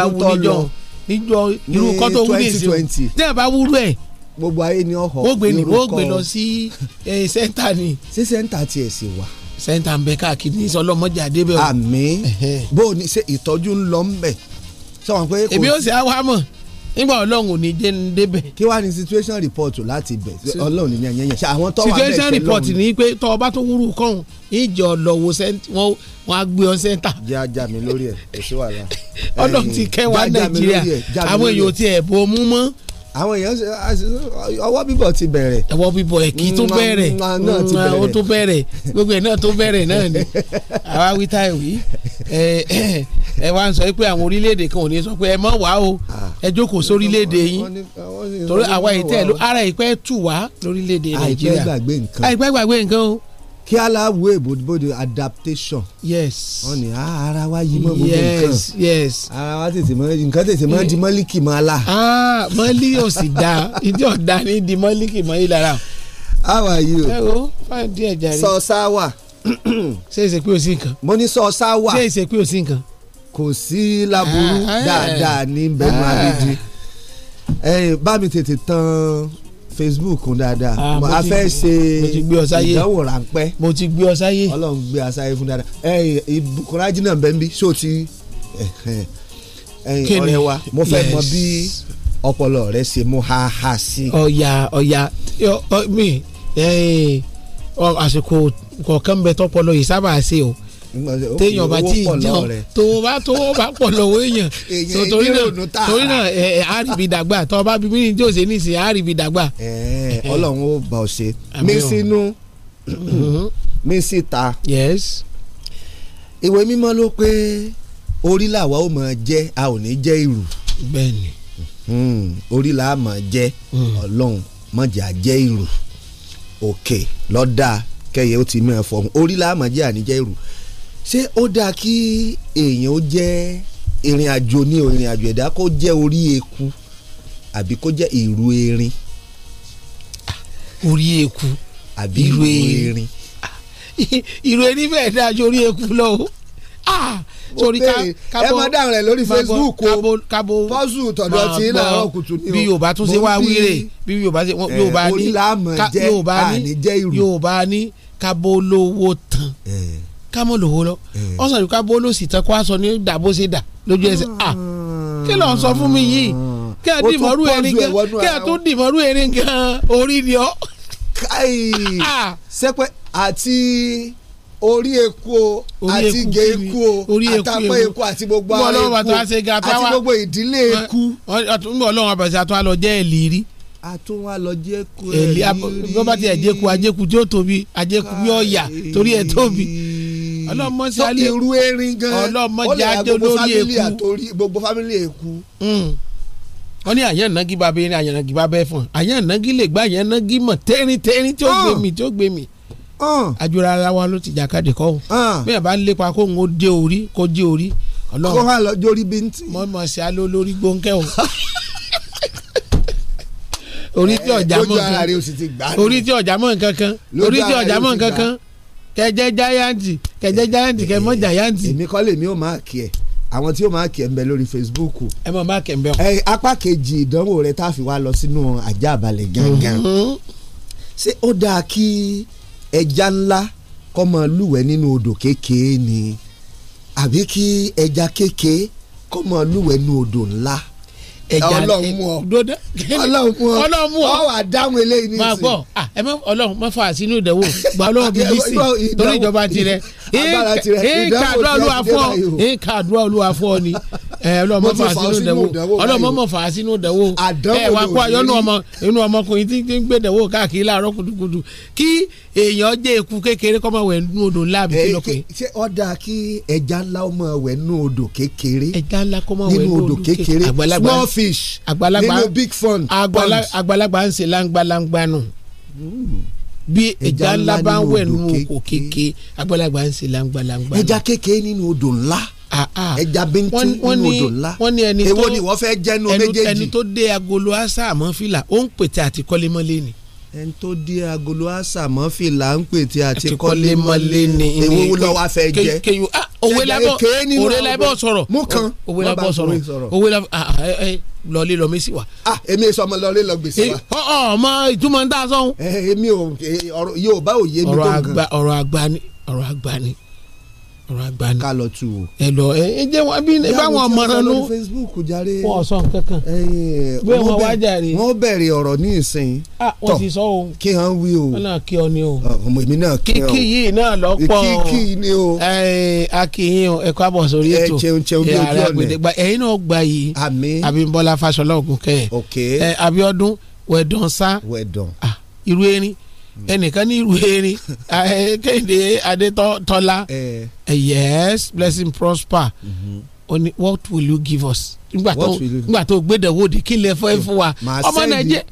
bá wú níjọ níjọ irú kọ́ tó wú ní ìsìn tẹ́ ẹ bá wúrú ẹ̀ gbogbo ayé ni ọkọ̀ ó gbé ni ó gbé lọ sí sẹ́ńtà ni. ṣé sẹ́ńtà tiẹ̀ sì wà. sẹ́ńtà ń bẹ káàkiri ní sọlọ́mọjà débẹ̀ o. àmín bó o ní ṣe ìtọ́jú ń lọ ń bẹ̀ sọ̀rọ̀ pé kò. èmi ò sì á wá mọ̀ nígbà ọlọ́run ò ní jẹ́ ní débẹ̀. kí wàá ní situation report láti bẹ̀ ọlọ́run ní yẹn yẹn ṣe àwọn tọ́wọ́ abẹ́ situation report ni pé tọ́ ọba tó wúrú kọ́hún ìjọ lọ́wọ́ wọn á gbé ọ sẹ́ńtà. jẹ́ ajá mi lórí ẹ̀ kò sí wàhálà. Ọlọ́run ti kẹ́ wa Nàìjíríà àwọn èèyàn ò tiẹ̀ bò mú mọ́ àwọn èèyàn ọwọ́ bíbọ̀ ti bẹ̀rẹ̀. ọwọ́ bíbọ̀ ẹ̀ kí tó bẹ̀rẹ̀ ó tó bẹ̀rẹ̀ gbogbo ẹ̀ náà tó bẹ̀rẹ̀ náà ni àwa wí tá ìwí ẹ wá ń sọ pé àwọn orílẹ̀-èdè kan ò ní sọ pé ẹ mọ̀ wá o ah. ẹ jókòó sórílẹ̀-èdè yín torí àwa yìí tẹ̀ ara ìpẹ́ tù wá lórílẹ̀-èdè Nàìjíríà àìpẹ́ gbàgbé nǹkan o kí aláwo èbòdìbòdì adaptation. yes wọn ah, ara wa yí mọ gbogbo nǹkan yes yes ara wa tètè mọ nǹkan tètè mọ di mọ́líkì mọ́ ala. Ah, mọ́lí yóò sì da ìdí ọ̀dà ni di mọ́líkì mọ́ ìlara. how are you. ẹ o fáwọn díẹ̀ jàre. sọ sáwà. ṣé èsè pé o sí nǹkan. mo ní sọ sáwà. ṣé èsè pé o sí nǹkan. kò sí laburú ah, eh. dáadáa ní bẹ́ẹ̀ máa bí di. ẹ bá mi tètè tán facebook dáadáa ah, a fẹ́ ṣe ìdánwò ráńpẹ́ mo ti gbé ọ sáyé ọlọ́run gbé ọ sáyé fún dáadáa ẹ ìbùkúnrájì náà bẹ́ẹ̀ bí ṣó ti ẹyin ọ̀rẹ́ wa mo fẹ́ mọ bí ọpọlọ rẹ ṣe mú ha ha sí. ọ̀ya ọ̀ya mi àsìkò kọ̀ọ̀kan bẹ tọpọlọ yìí sábà ṣe o. Oh, yeah, oh, yeah. Yo, oh, oh, téèyàn bá tí ì jẹun tó o bá tó o bá pọ̀ lọ́wọ́ èèyàn torí náà torí náà ẹ àríbi dàgbà tó o bá bí bíi tí o ṣe nísìnyí àríbi dàgbà. ọlọ́run ó bá ọ ṣe mí sínú mm-hmm. mí síta ìwé mímọ́ ló pé orí làwa ó máa jẹ́ a ò ní jẹ́ ìrù. Hmm, orí làá máa jẹ́ mm. ọlọ́run mọ̀jà jẹ́ ìrù òkè lọ́dà kẹyẹ ó ti mọ̀ ẹ́ orí làá máa jẹ́ àníjẹ́ ìrù ṣé ó dáa kí èèyàn ó jẹ́ ìrìn àjò ní ìrìn àjò ẹ̀dá kó jẹ́ orí eku àbí kó jẹ́ ìrù erin. orí eku àbí ìrù erin. ìrù erin bẹ́ẹ̀ dáa ju orí eku lọ o sori ka kabo ẹ mọ dáhùn rẹ lórí facebook o kabo pọ́sù tọ̀dọ̀ tí làárọ̀ kùtù ni o bí yorùbá tún ṣe wá wíre bí yorùbá ṣe yorùbá ní yorùbá ní yorùbá ní kabo lówó tán ká mọ̀ lówó lọ ọ̀sán yìí ká bó lòsì tán kó aṣọ ní dà bó ṣe dà lójú ẹsẹ̀ à kí ló ń sọ fún mi yìí kí a dìmọ̀rú erin gan kí a tún dìmọ̀rú erin gan orí ni ọ́. sẹ́pẹ́ àti orí eku o àti ge eku o àtàpọ̀ eku àti gbogbo ara eku àti gbogbo ìdílé eku. nbọ Ọlọ́run abàṣẹ àtún wa lọ jẹ ẹlìrí. àtún wa lọ jẹ eku ẹlìrí. bí wọ́n bá ti ẹ̀ jẹ́ku ajẹ́ku tí ó tóbi ajẹ́ku bí ọ̀yà torí ẹ̀ tóbi ọlọ́mọdé alẹ́ irú erin gan ọlọ́mọdé adé olórí eku gbogbo fámìlì eku. Hmm. wọ́n ní àyàn nàgí bá bẹ́ẹ̀ ní àyàn nàgí bá bẹ́ẹ̀ fún àyàn nàgí lè gbá àyàn nàgí mọ̀ tẹ́rin tẹ́rin tí ó gbé hmm. mi tí ó gbé mi. Hmm. àjọra ara wa ló ti jàkadì kọ́ bí ẹ̀ bá ń lépa kó ń dé orí kó dé orí. kó hàn lọ jórí bíntín. mọ̀ mọ̀ sí aló lórí gbóńkẹ́ o orí tí eh, ọjà mọ̀ nǹkan kan orí tí ọjà mọ̀ nǹkan kan orí tí ọjà mọ̀ nǹkan kan kẹjẹ jayanti kẹjẹ jayanti eh, kẹmọ jayanti. Eh, èmi kọ́ lèmi ò máa kí ẹ àwọn tí ó máa kí ẹ ń lórí facebook. ẹ mọ̀ máa kí ẹ ń bẹ ẹ eh, apá kejì ìdánwò rẹ tá a fi wá lọ sínú ajá àbálẹ̀ gángan mm-hmm. ṣé ó dáa kí ẹja ńlá kọ́ máa lúwẹ̀ẹ́ nínú odò kékeré ni àbí kí ẹja kékeré kọ́ máa lúwẹ̀ẹ́ nínú odò ńlá ọlọ́run mú ọ ọlọ́run mú ọ ọlọ́run mú ọ ọ wà dáhùn eléyìí ní ìsìn. máa gbọ́ ẹ mọ ọlọ́run mọ fà sínú ìdánwò gba ọlọ́run bíbí sí torí ìjọba tirẹ̀ ìka àdúrà olúwa fún ọ ìka àdúrà olúwa fún ọ ni ọlọ́run mọ fà sínú ìdánwò ọlọ́run mọ fà sínú ìdánwò ẹ wà kó ayọ́nú ọmọ inú ọmọkùnrin tí ń gbé ìdánwò káàkiri láàárọ̀ kùtùkùtù kí èèyàn jẹ́ eku kékeré kọ́ máa wẹ̀ odò ńlá àbí kí pé. ṣé ó kí ẹja ńlá ó máa wẹ̀ odò kékeré. ẹja ńlá kó máa wẹ̀ odò kékeré àgbàlagbà small fish àgbàlagbà nínú big fun àgbàlagbà ń ṣe langbalangba nù hmm. bí ẹja ńlá bá ń wẹ̀ nú oko kéke àgbàlagbà ń ṣe langbalangba nù. ẹja kékeré nínú odò ńlá ẹja bíntín nínú odò ńlá èwo ni wọ́n fẹ́ jẹ́nu méjèèjì. ẹni tó dé agolo asa àmọ́ fìlà ó ń pètè àtikọ́lé mọ́lé ni ẹni tó dé agolo àṣà mọ́ fìlà ń pè tí àti kọ́lé mọ́lé ni ewu lọ́wọ́ afẹ́ jẹ́ òwe labọ òwe labọ sọ̀rọ̀ mú kan òwe labọ sọ̀rọ̀ òwe labọ ah, ah, eh, eh, lọlé lọ mẹsì wa. ah èmi sọ ọmọ lọlé lọ gbèsè wa. ọ eh, ọ ọmọ ìtumọ̀ ń tà sọ́hún. èmi ò yóò bá òye mi tó nǹkan. ọ̀rọ̀ àgbà ni ọ̀rọ̀ àgbà ni ọ̀rọ̀ àgbà ni ká lọ tu o. ẹ lọ ẹ jẹ́ wọn bí ẹ bá wọn mọ̀ràn ló wọn ọ̀ sọ̀n kankan bí wọn wá jàre. wọn bẹ̀rẹ̀ ọ̀rọ̀ ní ìsìn ah, tọ̀ kí hàn wí o. wọn náà kí ọ ni o. Ah, ọmọ èmi náà kí ọ. kíkì yìí náà lọ pọ̀ kíkì ni o. akíyìn o ẹ̀kọ́ àbọ̀ sórí ètò ẹ̀rọ àgbẹ̀dẹ̀gba ẹ̀yin náà gba yìí Abímbọ́lá Fáṣọlá ògùnkẹ́ ẹ̀ Abíọ́dún wẹ̀dọ̀nsá ah, irú erin ẹnìkan ní irú erin eh, kéde adétọ́lá eh. eh, yes blessing prosper mm-hmm. ó ní what will you give us nígbà tó nígbà tó gbẹdẹwò di kí lè fẹ́ fún wa ọmọ nàìjíríà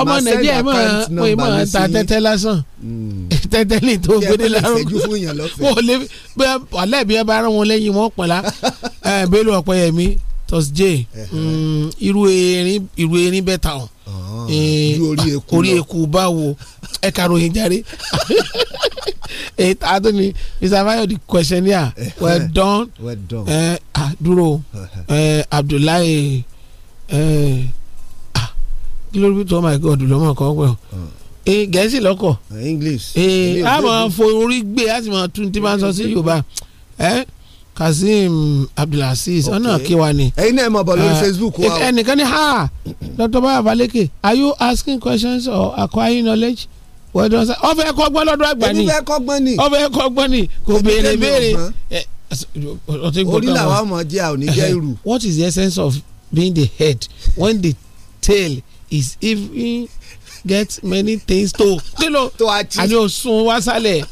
ọmọ nàìjíríà mọ̀ ẹ́ mọ̀ ẹ́ ta tẹ́tẹ́ lásán mm. tẹ́tẹ́ lè tó gbẹdẹ lárúgbó wọn ò lè bẹ́ẹ̀ ọ̀lẹ́ bí ẹ bá rán wọn lẹ́yìn wọn pẹ̀lá bẹ́ẹ̀ ló ọ̀pọ̀ yẹmi tọ́sí jẹ́ irú erin irú erin bẹ́ẹ̀ ta wọn orí eku báwo ẹ ka ròyìn járe ètò àtúnni mr mayodi questionnaire eh, eh, well done well done dúró abdullahi glory to my god lọ́mọ kan pẹ̀ ẹ gẹ̀ẹ́sì lọ́kọ̀ english ẹ a máa fọ orí gbé a sì máa tún tí máa sọ sí yorùbá kazeem abdulaziz ọ̀nà kíwa ni. ẹyin náà mọ̀ bọ̀ lórí eh, facebook wa. ẹnìkan ní ha dr baya baleke are you asking questions or acquiring knowledge? wọ́n dọ́n sá ọ̀fẹ́ kọ́gbọ́n lọ́dọ̀ àgbà ni ọ̀fẹ́ kọ́gbọ́n ni ọ̀fẹ́ kọ́gbọ́n ni kò béèrè béèrè. orí làwọn ọmọ jẹ́ àwọn oníjẹ́ eh, irú. what is the essence of being the head when the tail is even get many things to kilo àní osun wá sálẹ̀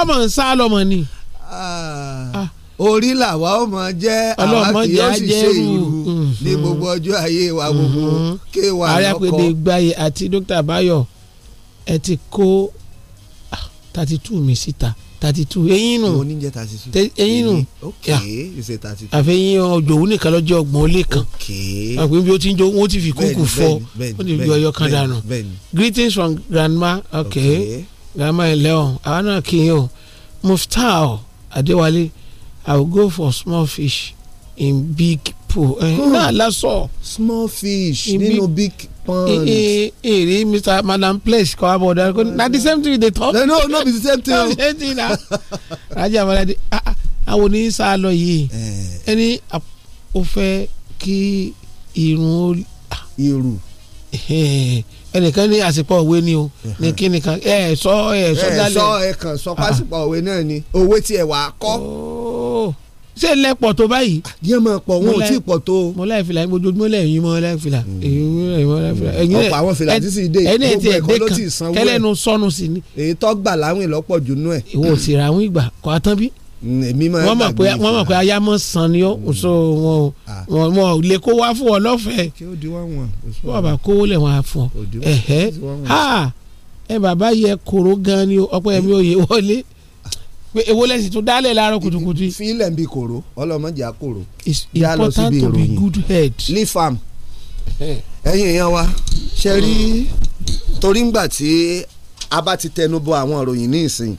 ọmọ nsá lọmọ ni. Ah. Ah orí làwa ó mọ àwa kì yóò ṣe irú mm-hmm. ní gbogbo ọjọ́ ayé wa mm-hmm. gbogbo kéwà lọ́kọ́. arápèdè gbáyé àti dókítà báyọ̀ ẹ ti kó ah, thirty two mi síta thirty two eyín nù eyín nù ah. àfẹ́yìn ọjọ́ òun nìkan lọ́jọ́ ọgbọ̀n ó kan àpè bí ó ti ń jọ wọ́n ti fi kúkú fọ́ ó ti ju ọyọ kan dànù greetings from grandma okay, okay. grandma eleon àwọn náà kì í o muftau adéwálé. Okay I will go for small fish in big pool. Eh, hmm. náà lásọ. small fish nínú big pond. èrè eh, eh, mr madam place kọ́ abọ́ ọ̀dọ́ ẹ̀kọ́ na the same thing they talk. no no be the same thing. The same thing na. raja abalade ah, ah, àwọn oní sá lọ yìí ẹni ó fẹ́ kí irun ó. irun ẹnìkan ní àsìpọ̀ òwe ni o ní kíni kan ẹ sọ ẹ sọ dálẹ̀. ẹ sọ ẹ kàn sọ pásìpọ̀ ah. òwe náà ni òwe tiẹ̀ wà á kọ́. ṣé lẹ́pọ̀ tó báyìí. díẹ̀ ah, máa pọ̀ wọn ò tí ì pọ̀ tó. mo láì fìlà ojoojúmọ́ lẹ́yìn mọ́ láì fìlà. Hmm. ọ̀pọ̀ àwọn fìlà tí sì dé gbogbo ẹ̀kọ́ ló ti sanwó ẹ̀. kẹlẹ́nu sọnù sí ni. èyí tó gbà láwìn lọ́pọ̀ jù nú ẹ̀. ìwọ ò sì ra àwọn ìgbà kọ́ wọ́n mọ̀ pé wọ́n mọ̀ pé ayámọ̀ san ni ó hmm. so wọn ah. wọn lè kó wá fún ọ lọ́fẹ̀ẹ́ wọ́n bá kówó lẹ̀ wọ́n fún ọ ẹ̀hẹ́ ha ẹ bàbá yẹ kóró gan ni Ọpẹ́yẹmí Oyè wọlé pé èwo lẹ́sìn tó dálẹ̀ láàárọ̀ kùtùkùtù. fílẹ̀ ń bi kòró ọlọ́mọdé àkòrò. it's important to be good head. leaf farm ẹ̀yin èèyàn wa ṣe rí mm. torí ngbà tí a bá ti tẹnu bọ àwọn ìròyìn ní ìsìn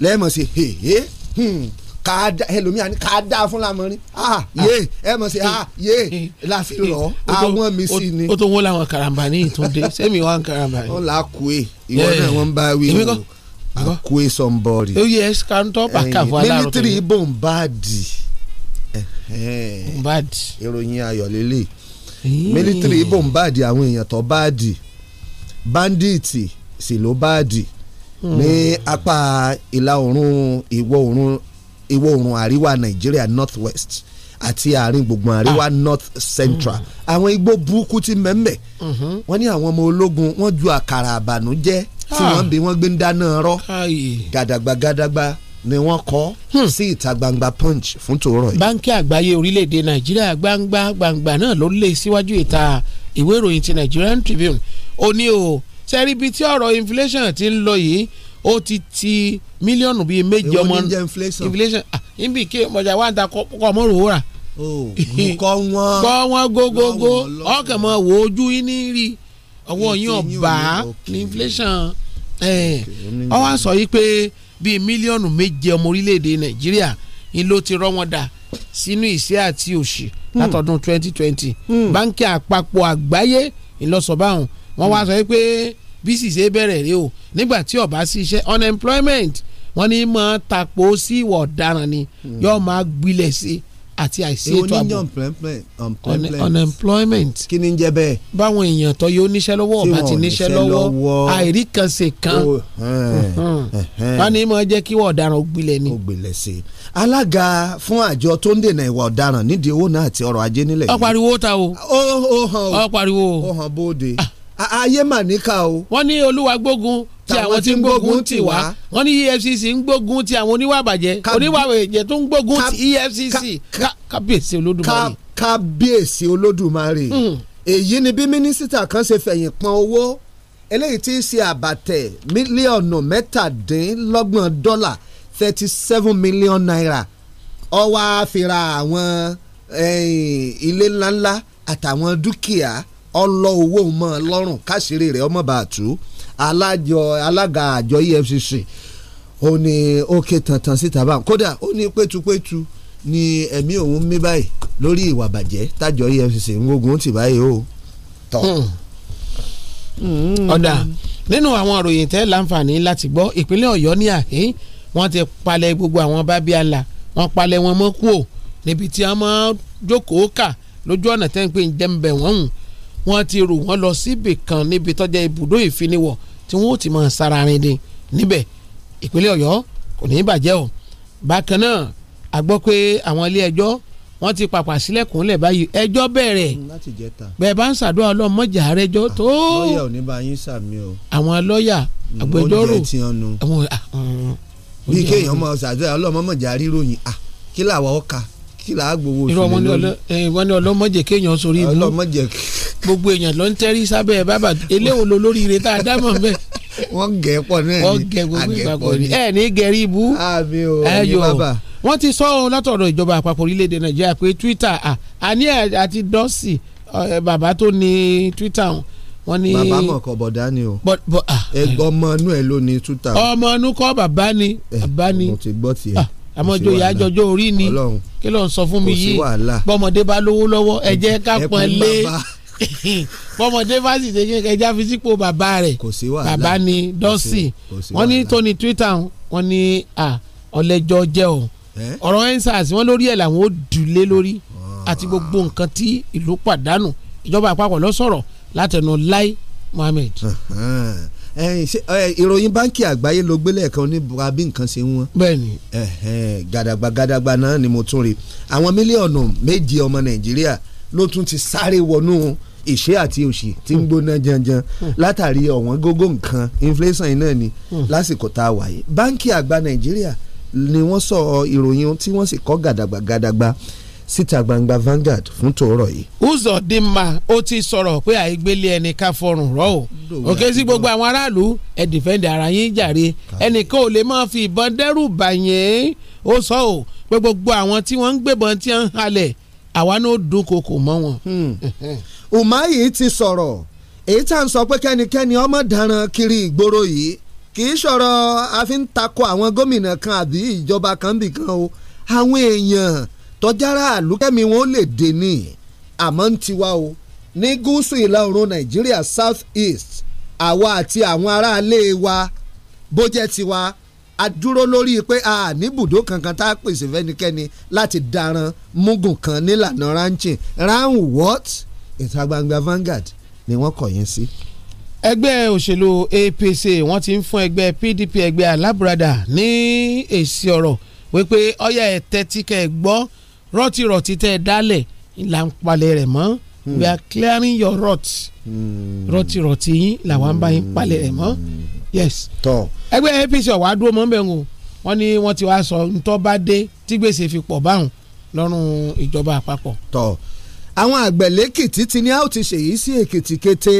lẹ́ẹ̀mọ̀ sí Hmm. kàdá ẹlòmíà ni kàdá fún lamọrin ah yé ẹ mọ̀ sí ah yé láfi rọ̀ àwọn mi sí ni. ó tó wọ́n làwọn karambani ìtúndé sẹ́mi wà ń karambani. wọ́n là á kú e ìwọ náà wọ́n ń bá wí o àkú e sọ̀nbọ̀rì. ó yẹ kàńtọ́ bàkà fún aláàrọ̀ tó ní. mílítírì ibò ń bá dì. ń bá dì. ìròyìn ayọ̀ mílítírì ibò àwọn èèyàn tó bá dì sì ló bá ní apá ìlà oòrùn ìwọ̀ oòrùn ìwọ̀ oòrùn àríwá nàìjíríà north west àti àárín gbùngbùn àríwá ah. north central mm-hmm. àwọn igbó burúkú ti mẹ́mẹ́ mm-hmm. wọ́n ní àwọn ọmọ ológun wọ́n ju àkàrà àbànújẹ́ tí ah. wọ́n bí wọ́n gbé ń dáná rọ́ gàdàgbà gàdàgbà ni wọ́n kọ hmm. sí ìta gbangba punch fún tòórọ́ yìí. báńkì àgbáyé orílẹ̀-èdè nàìjíríà gbangba gbangba náà ló lé síwájú ìta ìwé ìròyìn ti nigerian tribune ó ní o. Ni o sẹ́rí ibi tí ọ̀rọ̀ inflation ti ń lọ yìí ó ti ti mílíọ̀nù bíi méje ọmọ inflation ah, níbi kí ọjà wa ń ta kọ́ ọmọ òwò rà. kọ́ wọn kọ́ wọn gógógó ọkàn mọ́ wò ojú yín ní rí ọwọ́ yín ọ̀bá ní inflation ọ wá sọ yìí pé bíi mílíọ̀nù méje ọmọ orílẹ̀-èdè nàìjíríà ni ló ti rọ́ wọn dà sínú ìṣẹ́ àti òṣì hmm. látọdún 2020 hmm. báńkì àpapọ̀ àgbáyé ìlọsọ̀báhùn wọ́n wá sọ pé bí ṣìṣe bẹ̀rẹ̀ rí o nígbà tí ọba sí iṣẹ́ unemployment wọ́n ní mọ̀ tapo sí ìwà ọ̀daràn ni hmm. yóò máa gbilẹ̀ sí àti àìsí ètò ààbò unemployment kí ni ń jẹ bẹ́ẹ̀. báwọn èèyàn tó yóò níṣẹ́ lọ́wọ́ ọba ti níṣẹ́ lọ́wọ́ àìrí kan ṣe kan oh, eh, wọ́n ní mọ̀ jẹ́ kí ìwà ọ̀daràn gbilẹ̀ ni. ó gbilẹ̀ sí i alága fún àjọ tó ń dènà ìwà ọ̀daràn nídìí owó náà àti ọrọ̀ ajé nílẹ̀ yìí. ó ta o ó hàn hàn bóde. Ah ayé mà níkà o. wọ́n ní olúwa gbógun ti àwọn tí ń gbógun ti wá wọ́n ní EFCC ń gbógun ti àwọn oníwà bàjẹ́ oníwà bàjẹ́ tó ń gbógun ti EFCC kábíyèsí olódùmarè. kábíyèsí olódùmarè hmm. èyí ni bí mínísítà kan ṣe fẹ̀yìn pọn owó eléyìí tí í ṣe àbàtẹ̀ mílíọ̀nù mẹ́tàdínlọ́gbọ̀n dọ́là thirty seven million naira ọwọ́ àfihàn àwọn eh, ilé ńláńlá àtàwọn dúkìá ọlọ owó mọ́ ọ lọ́rùn káṣírí rẹ̀ ọmọ bàtú alága àjọ EFCC ó ní ó ké tantan síta bá kódà ó ní pétupétu ni ẹ̀mí òun mí báyìí lórí ìwà bàjẹ́ tájọ EFCC ń gbógun tì báyìí o. Hmm. Hmm. ọ̀dà nínú àwọn òròyìn tẹ́ láǹfààní láti gbọ́ ìpínlẹ̀ Ọ̀yọ́ ní àhín wọ́n ti palẹ̀ gbogbo àwọn bábí àlà wọ́n palẹ̀ wọn mọ́ kú ò níbi tí wọ́n máa jókòó kà lójú ọ̀nà tẹ́ ń pè ń jẹ́ ń bẹ̀ wọ́n hùn wọ́n ti rù wọ́n lọ síbì kan níbi tọ́jà ibùdó ìfiniwọ̀ tí wọ́n ó ti máa sara rin de níbẹ̀ ìpínlẹ̀ ọ̀yọ́ kò ní í bàjẹ́ o bákan náà a gbọ́ pé àwọn ilé ẹjọ́ wọ́n ti pàpà sílẹ̀kùn lẹ̀ báyìí ẹjọ́ bẹ̀rẹ̀ mm, bẹ́ẹ̀ bá ń ṣàdúrà ọlọ́mọjà rẹjọ́ tó. Ah, lọ́ọ̀yà ò ní bá yín sàmì o. àwọn lọ́ọ̀yà mm, agbẹjọ́rò ah, ah, bí kéèyàn máa ṣàdúrà ọlọ́mọjà ríròyìn kí làwọn ọkà kí làá gbowó oṣù lórí. irọ́ eh, ni ọlọ́mọjẹ kéèyàn sórí ibú. ọlọ́mọjẹ kéèyàn gbogbo èèyàn ló ń tẹ́rí sábẹ́ bàbá eléwo lo lóríire tá a dámọ̀ mbẹ́. wọ́n gẹ̀ pọ̀ náà ni wọ́n gẹ̀ gbogbo ìpapọ̀ ni ẹ̀ ní gẹ̀rí ibú. àmì ò ní bàbá. wọ́n ti sọ ohun látọ̀dọ̀ ìjọba àpapọ̀ orílẹ̀-èdè nàìjíríà pé twitter àní àti dọ́sì bàbá tó ní twitter hàn wọ́n ní. bàbá mọ̀ kọ́ bọ̀dá ni o. ọmọ inú ẹ ló ní twitter. ọmọ inú kọ́ bàbá ni. bàbá ni mo ti gbọ́ tiẹ̀. àmọ́jọ ìyá àjọjọ orí ni kí ló ń sọ fún mi yìí bọ́mọdé bá lówó lọ́wọ́ ẹ jẹ́ ká pọ́n lé. ẹkún bàbá bọ́mọdé bá sì dégbé ẹja fi sípò bàbá rẹ̀ bàbá ni dọ́sì wọ́n ní tóní twitter wọ́n ní ọ̀lẹ́jọ́ jẹ́ o ọ̀rọ̀ ensars wọ́n lórí ẹ̀ làwọn ó dùlé lórí ah. àti gbogbo nǹkan tí ìlú pàdánù ìjọba àpapọ̀ ló sọ̀rọ̀ látẹnu Lai Mohammed. ìròyìn báńkì àgbáyé ló gbélé ẹ̀kan oníbura bí nǹkan ṣe ń wọ́n. bẹ́ẹ̀ni. gàdàgbà gàdàgbà náà ni mo tún rí àwọn mílíọ̀nù méje ọmọ Nàìjíríà ló tún ti sáré wọnú ìṣe àti òṣì tí ń hmm. gbóná janjan hmm. látàrí ọ̀wọ́n gógó nǹkan inflation náà ni hmm. lásìkò tá a wà yìí báńkì àgbà nàìjíríà ni wọ́n sọ ìròyìn tí wọ́n sì kọ́ gàdàgbà gàdàgbà síta gbangba Vanguard fún tòórọ yìí. Uzodinma ó ti sọ̀rọ̀ pé àìgbélé ẹnì ká fọrùn rọ́ o òkè sí gbogbo àwọn aráàlú ẹ ara yín jàre ẹnìkan ò lè máa fi ìbọn dẹ́rù bà yín ó sọ o pé gbogbo àwọn tí wọ́n ń gbébọn tí wọ́n ń halẹ̀ àwa náà dúnkokò mọ́ wọn. Umahi ti sọ̀rọ̀ èyí tá à ń sọ pé kẹ́nikẹ́ni ọmọ daran kiri ìgboro yìí kì í sọ̀rọ̀ àfi ń takò àwọn gómìnà kan àbí ìjọba kan bì kan o àwọn èèyàn tọ́jára àlùkẹ́mi wọn lè dè ní àmọ́ ń tiwa o ní gúúsù ìlà oòrùn Nàìjíríà South East àwa àti àwọn aráalé wa bó jẹ́ tiwa a dúró lórí pé a ní bùdó kankan tá a pèsè fẹ́nikẹ́ni láti daran mugun kan nílànà ranching round what ìta gbangba Vanguard ni wọ́n kọ̀ yín sí. ẹgbẹ́ òṣèlú APC wọ́n ti ń fún ẹgbẹ́ PDP ẹgbẹ́ alábùradà ní èsì ọ̀rọ̀ wípé ọ̀yà ẹ̀tẹ́ tí kẹ́ ẹ gbọ́ rọ́tìrọ̀tì tẹ́ ẹ dálẹ̀ là ń palẹ̀ rẹ̀ mọ́ hmm. we are clearing your rot hmm. rọ́tìrọ̀tì yín làwọn bá yín palẹ̀ rẹ̀ mọ́ hmm. yes. ẹgbẹ́ APC ọ̀wá dúró mọ́ bẹ́ẹ̀ o wọ́n ní wọ́n ti wá sọ ntọ́ bá dé tí gbèsè fi pọ̀ báwọn lọ́rùn ìjọba àpapọ̀. tọ́ àwọn àgbẹ̀ lẹ́kìtì ti ní a ó ti ṣèyí sí èkìtì kété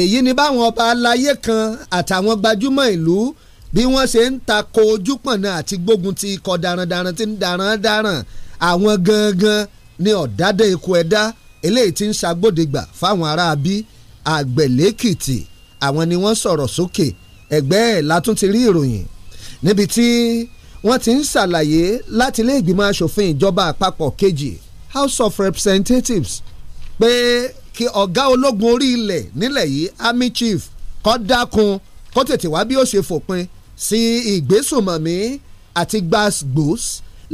èyí ni báwọn ọba aláyé kan àtàwọn gbajúmọ̀ ìlú bí wọ́n ṣe ń tako ojúpọ̀nà àti gbógun ti ikọ̀ darandaran ti ń darandaran àwọn gangan ni ọ̀dádé ikú ẹ̀dá eléyìí ti ń ṣàgbódegbà fáwọn ará bí àgbẹ̀ lẹ́kìtì àwọn ni wọ́n sọ̀rọ̀ sókè ẹ̀gbẹ́ ẹ̀ látún ti rí ìròyìn níbi tí wọ́n ti ń ṣàlàyé láti ilé ìgbìmọ̀ asòfin ìjọba àpapọ̀ kejì House of Representatives pé kí ọ̀gá ológun orí ilẹ̀ nílẹ̀ yìí army chief kó dákun kó tètè wá bí ó ṣe fòpin sí ìgbésùnmọ̀mí àti gbàgbós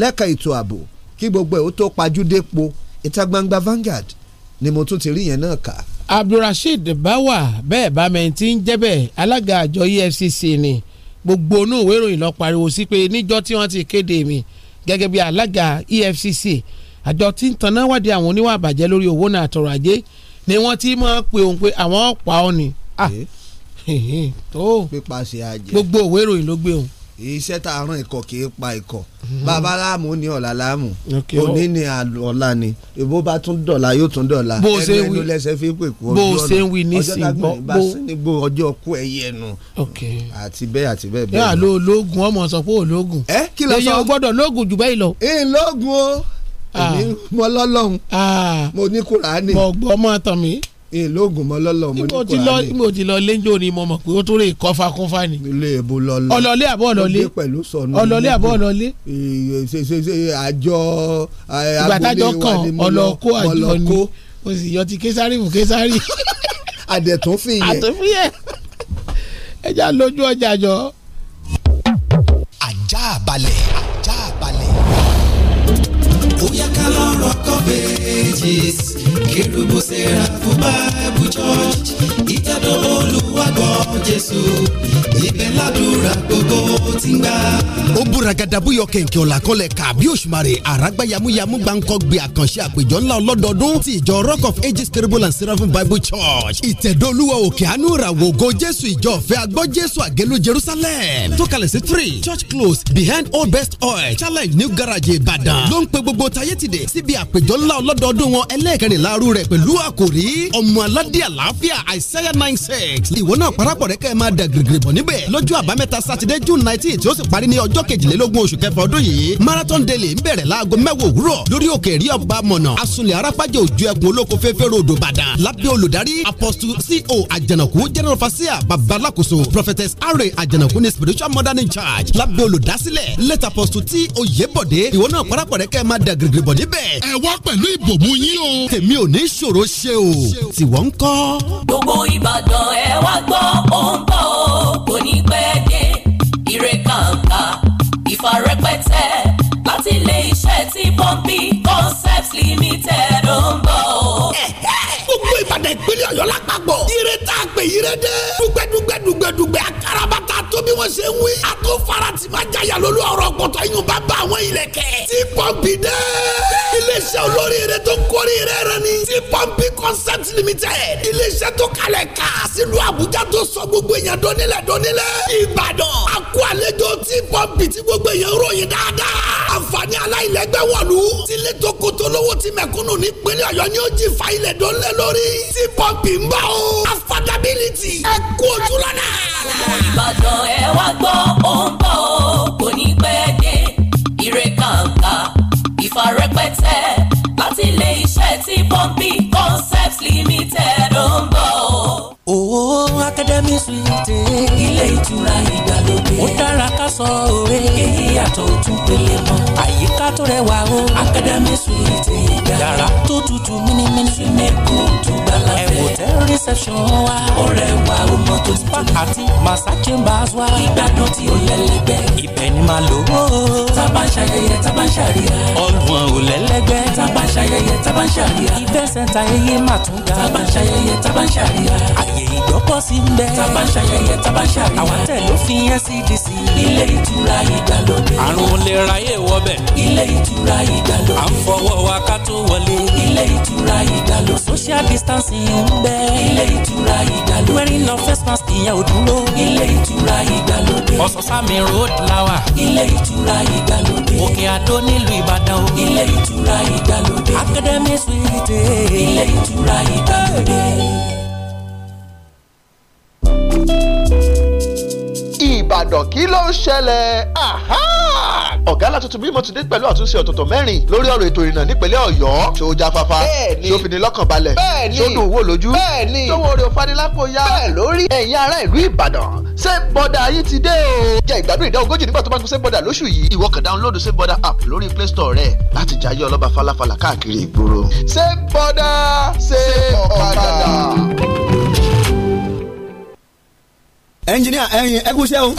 lẹ́ka ètò ààbò kí gbogbo ẹ̀ ó tó pajúdé po ìta gbangba Vanguard ni mo tún ti rí yẹn náà kà. Abdulrasheed Bawa bẹ́ẹ̀ bá mẹ́rin tí ń jẹ́ alága àjọ EFCC ni gbogbo inú ìwé ìròyìn lọ pariwo sí pé níjọ́ tí wọ́n ti kéde mi gẹ́gẹ́ bí alága EFCC àjọ tí ń tanná wádìí àwọn oníwà àbàjẹ́ lórí owó náà àtọrọ̀ ajé ni wọ́n ti máa pe òun pé àwọn ọ̀pá ọ ni. Ah, eh? tó gbogbo òwe ìròyìn ló gbé òun. iṣẹ́ tá a rán ikọ̀ kì í pa ikọ̀ mhm. bàbá ni ọ̀la láàmú òní ni ọ̀la ni ìbò bá tún dọ̀la yóò tún dọ̀la ẹnu ẹnu lẹ́sẹ̀ fi pè kú ọjọ́ náà ọjọ́ dàgbà bá sínigbó ọjọ́ kú ẹyẹ nu àti bẹ́ẹ̀ àti bẹ́ẹ̀ bẹ́ẹ̀. yàrá lóògùn ọmọ sọ pé òògùn ẹ eh, kí ló sọ lẹ́yìn o gbọ́dọ̀ lóògùn jù bẹ́ẹ̀ lọ. ìlóògùn o èmi ah. mọ lọ́lọ́run ah. mo ní kúránì. mo gbọ́ mọ́ tán mi. ìlóògùn mọ lọ́lọ́run mo ní kúránì. mo ti lọ lẹ́jọ́ ni mo mọ̀ pé ó tó lè kọ́fà kúnfà ni. ilé ìbò lọlọ ọlọlé àbọ̀ ọlọlé ọlọlé àbọ̀ ọlọlé. àjọ abúlé wa ni mo lọ ọlọkó àjọ ni o sì yọ ti késárì fún késárì. àdẹ̀tún fi yẹ. àtúnfi yẹ ẹja lójú ọjà jọ. ajá balẹ̀ bóyá ká lọ́rọ̀ kọ́bẹ̀ pages kérúbù sẹ́ráfù bible church ìtẹ́dọ̀ olùwàgbọ́ jésù ibẹ̀ ládùúrà gbogbo ti ń gbà. ó búra gàdàbúyọ kẹ̀kẹ́ ọ̀la kọlẹ̀ kàbí òṣùmàrè àràgbá yamuyamu gbàǹkọ́ gbé àkànṣe àpèjọ ńlá ọlọ́dọọdún ti ìjọ rock of ages kérúbù and bible church ìtẹ̀dọ̀ olúwa òkè àánú ìràwọ̀ ògo jésù ìjọ ọ̀fẹ́ agbọ́ jésù àgẹ́lú jerusalem tókàlẹ̀ sí three church close behind old best oil challenge new garage ìbàdàn ló ń pe gbogbo tayé tìde síbi àpèjọ ńlá ọlọ́dọọdún ọdún wọn ẹlẹ́ẹ̀kẹrin láàrú rẹ̀ pẹ̀lú àkòrí ọmọ aládé àlàáfíà àìsẹ́yà nine six ìwọ náà parapọ̀ rẹ̀ kẹ́ ẹ máa dà gírígírí bọ̀ níbẹ̀ lọ́jọ́ àbámẹ́ta sátidé june nineteen tí ó sì parí ní ọjọ́ kejìlélógún oṣù kẹfà ọdún yìí marathon daily ń bẹ̀rẹ̀ láago mẹ́wàá òwúrọ̀ lórí òkè rí ọba mọ̀nà asunlẹ̀ arápájẹ́ òjò ẹkùn olóko fẹ́fẹ́ ròdò oògùn yín o tèmi ò ní ṣòro ṣe o tiwọn ń kọ́. gbogbo ìbàdàn ẹ wá gbọ́ ó ń bọ̀ ó kò ní pẹ́ dé ire kàǹkà ìfarẹ́pẹ́tẹ́ láti ilé iṣẹ́ tí pọ́ńpì concepts limited ó ń bọ̀ ó ìbàdàn ìpínlẹ̀ ọ̀yọ́ lápapọ̀ ire tá a pè ire dé dùgbẹ́dùgbẹ́ dùgbẹ́dùgbẹ́ akarabata tó bí wọ́n ṣe ń wí a tó fara tí ma jaya lólu ọ̀rọ̀ gbọ̀tọ̀ yín bá bá àwọn ilẹ̀ kẹ́ tí pọ́ǹpì dé iléeṣẹ́ olórí ire tó ń kórè ire rẹ ni tí pọ́ǹpì concept limited iléeṣẹ́ tó kalẹ̀ ká sílùú àbújá tó sọ gbogbo èèyàn dọ́nílẹ̀ dọ́nílẹ̀ a kó àlejò tí pọ́ǹpì tí tí pọ́ǹpì ń bọ̀ o. affordability ẹ kú ojú lọ́nà. ìbàdàn ẹ wá gbọ́ ó ń bọ̀ ó kò ní pẹ́ dé ire kàǹkà ìfarẹ́pẹ́tẹ́ láti ilé iṣẹ́ tí pọ́ǹpì concepts limited ó ń bọ̀ ó. Owó Akademi Suite. Ilé ìtura ìgbàlódé. Ó dára ká sọ òwe. Èyí yàtọ̀ ojú pele mọ́. Àyíká tó rẹwà o. Akademi Suite ìgbà. Yàrá tó tutù mímímí. Súnmẹ́kù tó gbala fẹ́. Hotel reception wa. Ọ̀rẹ́ wa ó mọ tó ti tún. Àti Massa Chambers wa. Ìgbádùn tí ó lẹ́lẹ́gbẹ́. Ibẹ̀ ni màá lò ó. Tábà ń ṣayẹyẹ, tábà ń ṣàríyá. Ọ̀gbun ò lẹ́lẹ́gbẹ́. Tábà ṣayẹyẹ, tábà ń ṣàríyá. Ìfẹ́ sẹ́ńtà ẹyẹ mà ṣayẹyẹ, tábà ń ààyè ìgbọ́kọ̀sí ń bẹ. tá a bá ń ṣayẹyẹ tá a bá ń ṣàríyá. àwọn tẹ̀ ló fi NCDC. ilé ìtura ìgbàlódé. àrùn olè ráyè wọbẹ̀. ilé ìtura ìgbàlódé. à ń fọwọ́ wa ká tó wọlé. ilé ìtura ìgbàlódé. social distancing ń bẹ. ilé ìtura ìgbàlódé. wearing no face mask ìyẹn ò dúró. ilé ìtura ìgbàlódé. ọ̀sánsámi road lawa. ilé ìtura ìgbàlódé. òkè àdó nílùú ìbàdàn o. ilé ìtura ìgbàlódé. academy suite. ilé ìtura ìgbàlódé ìbàdàn kí ló ń ṣẹlẹ̀ ọ̀gá alátuntun bímọ ti dé pẹ̀lú àtúnṣe ọ̀tọ̀tọ̀ mẹ́rin lórí ọ̀rọ̀ ètò ìrìnnà nípínlẹ̀ ọ̀yọ́ tó já fafa tó fi ní lọ́kàn balẹ̀ tó dùn wò lójú tó wo orí òfanilápò ya lórí ẹ̀yin ará ìlú ìbàdàn ṣé bọ́dà yìí ti dé o. jẹ́ ìgbádùn ìdá ogójì nígbà tó bá ń ṣe bọ́dà lóṣù yìí ìwọ kàn dáńlódù ṣé bọ́dà app lórí play store rẹ láti jayé ọlọ́ba falafala káàkiri ìgboro. ṣé bọ́dà ṣe ọ̀kadà ẹnjiníà ẹyin ẹgúnṣẹ́ o.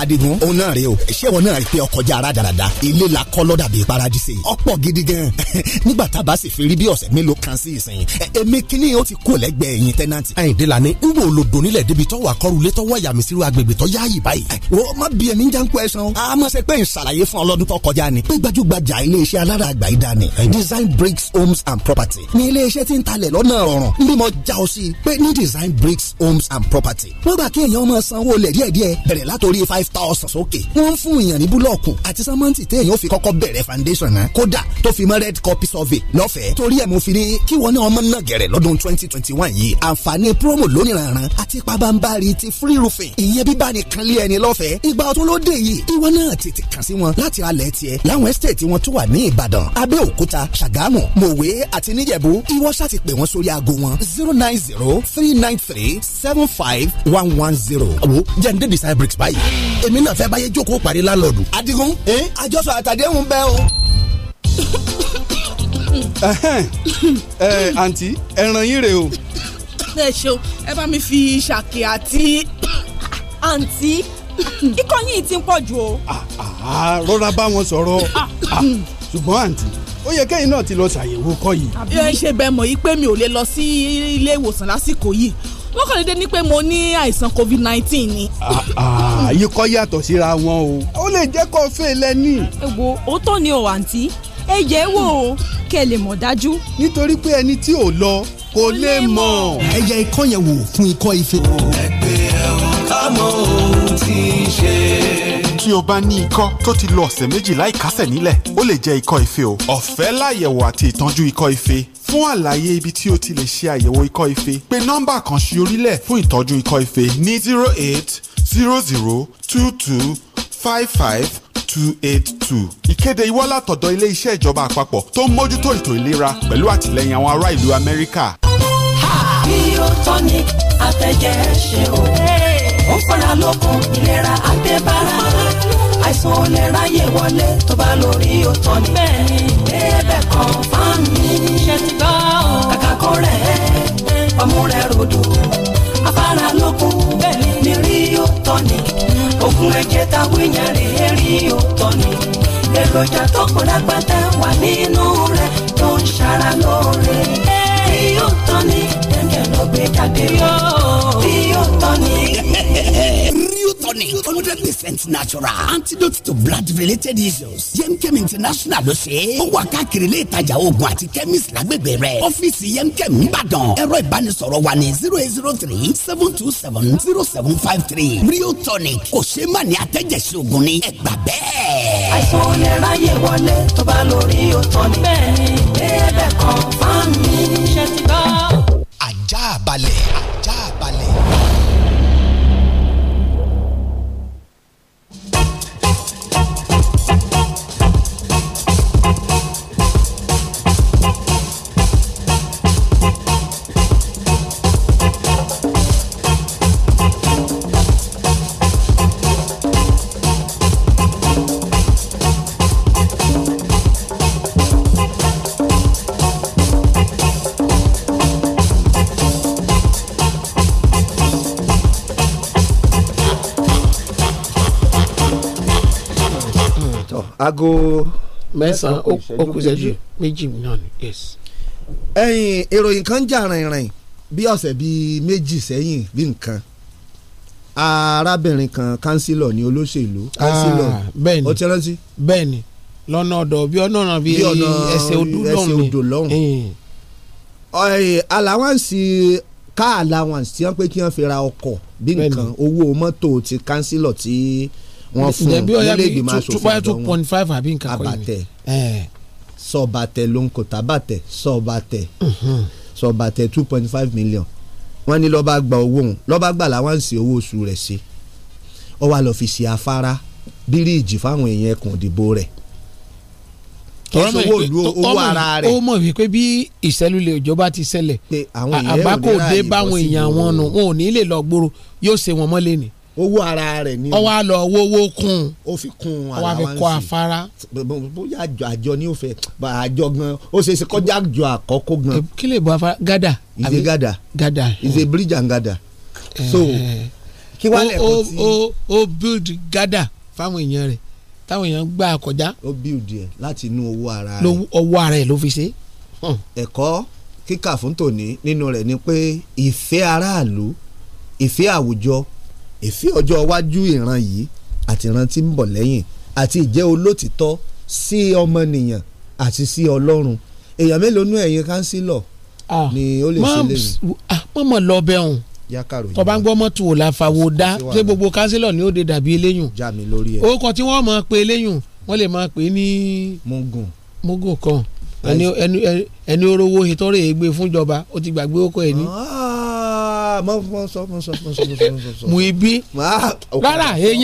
adigun òun náà rè o ṣéwọ náà pe ọkọjá ara dáradá ilé la kọ́ lọ́dà bíi paradise ọ̀pọ̀ gidi gan nígbà tá a bá sì fi rí bí ọ̀sẹ̀ mélòó kan sí ìsìn èmi kínní ó ti kú lẹ́gbẹ̀ẹ́ yín tẹ́nanti. ẹyin de la ni n wo lo le débi wa akọ́rùlé tọ́wọ́ wa agbègbè tọ́ yá yìí báyìí. wọ́n má bí ẹni já ń kó ẹsan. a ma ṣe pé n ṣàlàyé fún ọlọ́dún tó kọjá ni. pé gbajúgbajà iléeṣẹ́ alára àgbà yìí dání. design bricks homes and property. ni iléeṣẹ́ ti ń talẹ̀ lọ́nà ọ̀ràn. n bí design bricks homes and property property wọ́n gbà kí èèyàn máa sanwó lẹ̀ díẹ̀díẹ̀ bẹ̀rẹ̀ látòrí five thousand sókè wọ́n ń fún èèyàn ní búlọ̀kù àti sẹ́mọ́ǹtì téèyàn ó fi kọ́kọ́ bẹ̀rẹ̀ foundation náà kódà tó fi mọ́ red copy survey lọ́fẹ̀ẹ́ torí ẹ̀ mo fi ní kí wọ́n ní ọmọ náà gẹ̀rẹ̀ lọ́dún twenty twenty one yìí àǹfààní promo lóníranran àti pabambari ti free roofing ìyẹn bíbá ni kan lé ẹni lọ́fẹ̀ẹ́ ìgbà ọ̀tún ló dé yìí ìwọ náà tètè kàn sí wọn láti alẹ̀ tiẹ̀ láwọn estate wọn tó wà ní Ìbàdàn Abẹ́òkúta Ṣàgámù Mòwe àti níjẹ̀bú ìwọ ṣá ti pè zero nine zero three nine three seven five five one one zero. wo jẹ́ǹde design bricks báyìí èmi náà fẹ́ báyé jókòó parí lálọ́ọ̀dù. adigun ẹ àjọsọ àtàdéhùn bẹ́ẹ̀ o. ẹ àǹtí ẹran yín rèé o. ẹ ṣeun ẹ bá mi fi ṣàkè àti àǹtí ikọ́ yìí ti ń pọ̀ jù o. rọra bá wọn sọ̀rọ̀ ṣùgbọ́n àǹtí ó yẹ kẹ́yìn náà ti lọ ṣàyẹ̀wò kọ́ yìí. ẹ ṣe bẹ́ẹ̀ mọ̀ yìí pé mi ò lè lọ sí ilé ìwòsàn lásìkò yìí wọ́n kàn dédé ní pé mo ní àìsàn covid nineteen ni. Ah, ah, yìí kọ́ yàtọ̀ síra wọn o ó lè jẹ́ kọfí lẹ́ni. ẹ wo òótọ́ ni o àǹtí ẹ yẹ̀ ẹ́ wò ó kẹ́ ẹ lè mọ̀ dájú. nítorí pé ẹni tí ò lọ kò lè mọ̀. ẹ yẹ̀ ikọ́ yẹn wò fún ikọ́ ife. ẹgbẹ́ ẹ̀rọ ká mọ ohun tí ń ṣe tí o bá ní ikọ́ tó ti lo ọ̀sẹ̀ méjì láìkásẹ̀ nílẹ̀ ó lè jẹ́ ikọ́ ife o ọ̀fẹ́ láyẹ̀wò àti ìtọ́jú ikọ́ ife fún àlàyé ibi tí o ti lè ṣe àyẹ̀wò ikọ́ ife pé nọ́mbà kan sí orílẹ̀ fún ìtọ́jú ikọ́ ife ní zero eight zero zero two two five five two eight two. ìkéde ìwá ilé-iṣẹ́ ìjọba àpapọ̀ tó ń mójútó ètò ìlera pẹ̀lú àtìlẹ́yìn àwọn ará ìlú Amẹ́ríkà. Bio tonic àtẹ̀jẹ́ ṣe o ó fara lókun ìlera àtẹ̀bára àìsàn ò ráyè wọlé tó bá lórí òtọ́ ni bẹ́ẹ̀ ni bẹ́ẹ̀ bẹ́ẹ̀ kan fáàmì kó rẹ̀ ọmú rẹ̀ rodo afárá lókun bẹ́ẹ̀ ni río tonic ògùn ẹ̀jẹ̀ ta wíyàn rè é río tonic èròjà tó kù lágbàtà wà nínú rẹ̀ tó ń ṣara lóore río tonic ẹ̀jẹ̀ ló gbé jáde río tonic. tonic hundred percent natural antidote to blood related issues yemkem international ló ṣe é ó wà káàkiri ilé ìtajà oògùn àti chemist lágbègbè rẹ ọ́fíìsì yemkem nìbàdàn ẹ̀rọ ìbánisọ̀rọ̀ wà ní zero eight zero three seven two seven zero seven five three rio tonic kò ṣe é ní atẹ́jẹsí oògùn ni ẹ gbà bẹ́ẹ̀. àìsàn olè ráyè wọlé tó bá lórí o tonic. bẹ́ẹ̀ni bẹẹ bẹ kàn fún mi. ṣe ti gbọ́. ajá balẹ̀ ajá balẹ̀. aago mẹ́sàn-án ó kù ìṣẹ́jú méjì náà ni yes. ẹyin ìròyìn kan jà rìnrìn bí ọ̀sẹ̀ bíi méjì sẹ́yìn bí nǹkan arábìnrin kan kánsílọ̀ ní olóṣèlú ah, kánsílọ̀ ó ti rántí. bẹ́ẹ̀ni lọ́nà ọ̀dọ̀ bí ọ̀nà bíi ẹsẹ̀ odò lọ́hùn eh. aláwáǹsì káà aláwáǹsì tí wọ́n pé kí wọ́n fi ra ọkọ̀ bí nǹkan owó mọ́tò ti kánsílọ̀ ti. Bẹ́ẹ̀ni wọ́n fún un nílé ìgbìmọ̀ asòfin àgbà wọn two point five àbí nǹkan kọ́ yìí ni sọ̀bàtẹ̀ ló ń kó tábàtẹ̀ sọ̀bàtẹ̀ sọ̀bàtẹ̀ two point five million wọ́n ní lọ́ba gba owó òun lọ́ba gbà láwọn sì owó oṣù rẹ̀ sí ọ wà lọ́ọ́ fi ṣe afárá bíríìjì fáwọn èèyàn ẹkùn òdìbò rẹ̀ kì í sowó ìlú owó ara rẹ̀. ó mọ̀ wípé bí ìṣẹ́lúlẹ̀ òjò bá ti ṣẹlẹ̀ àbá dé báwọn èèyàn wọn nù wọn ò ní lè lọ gbòòrò yóò ṣe wọn mọ́lẹ̀ ni owó ara rẹ̀ ni. ọwọ́ àlọ́ owó owó kún. ó fi kún ara wa sí. ọwọ́ àfi kọ́ afárá. bóyá àjọ ni ó fẹ́ bá àjọ gan ó ṣe é ṣe kọjá àjọ àkọ́kọ́ gan. kí lè bọ afárá gada. Ize gada gada Ize bridge and gada. so kí wàá lẹ́kọ̀ọ́ o o ó build gada fáwọn èèyàn rẹ̀ táwọn èèyàn gbà kọjá. ó build ẹ láti inú owó ara rẹ̀. owó ara rẹ̀ ló fi ṣe. ẹ̀kọ́ kíkà fún tòní nínú rẹ̀ ni pé ìfẹ́ aráàlú ìfẹ́ àwùjọ ìfẹ́ ọjọ́ iwájú ìran yìí àti ìran tí ń bọ̀ lẹ́yìn àti ìjẹ́ olótìtọ́ sí ọmọnìyàn àti sí ọlọ́run èèyàn mélòó nú ẹ̀yin kánsílọ̀ ah, ni ó lè ṣe lẹ́yìn. Ah, mọ̀mọ́ lọ bẹ́ẹ̀ hùn tọba ń gbọ́ mọ́tò ò la fàwọ́ dá ṣé gbogbo kánsílọ̀ ni ó de dàbí eléyùn orúkọ tí wọ́n máa pe eléyùn wọ́n lè máa pè é ní. mugun. mugun kan ẹni ẹni ẹni orowó ìtọ́rẹ̀ ègbè e fúnjọba ó ti gbàgbé ó kọ́ ẹ ní mọ sọ mọ sọ mọ sọ mọ sọ mọ sọ. Muibi rárá eyín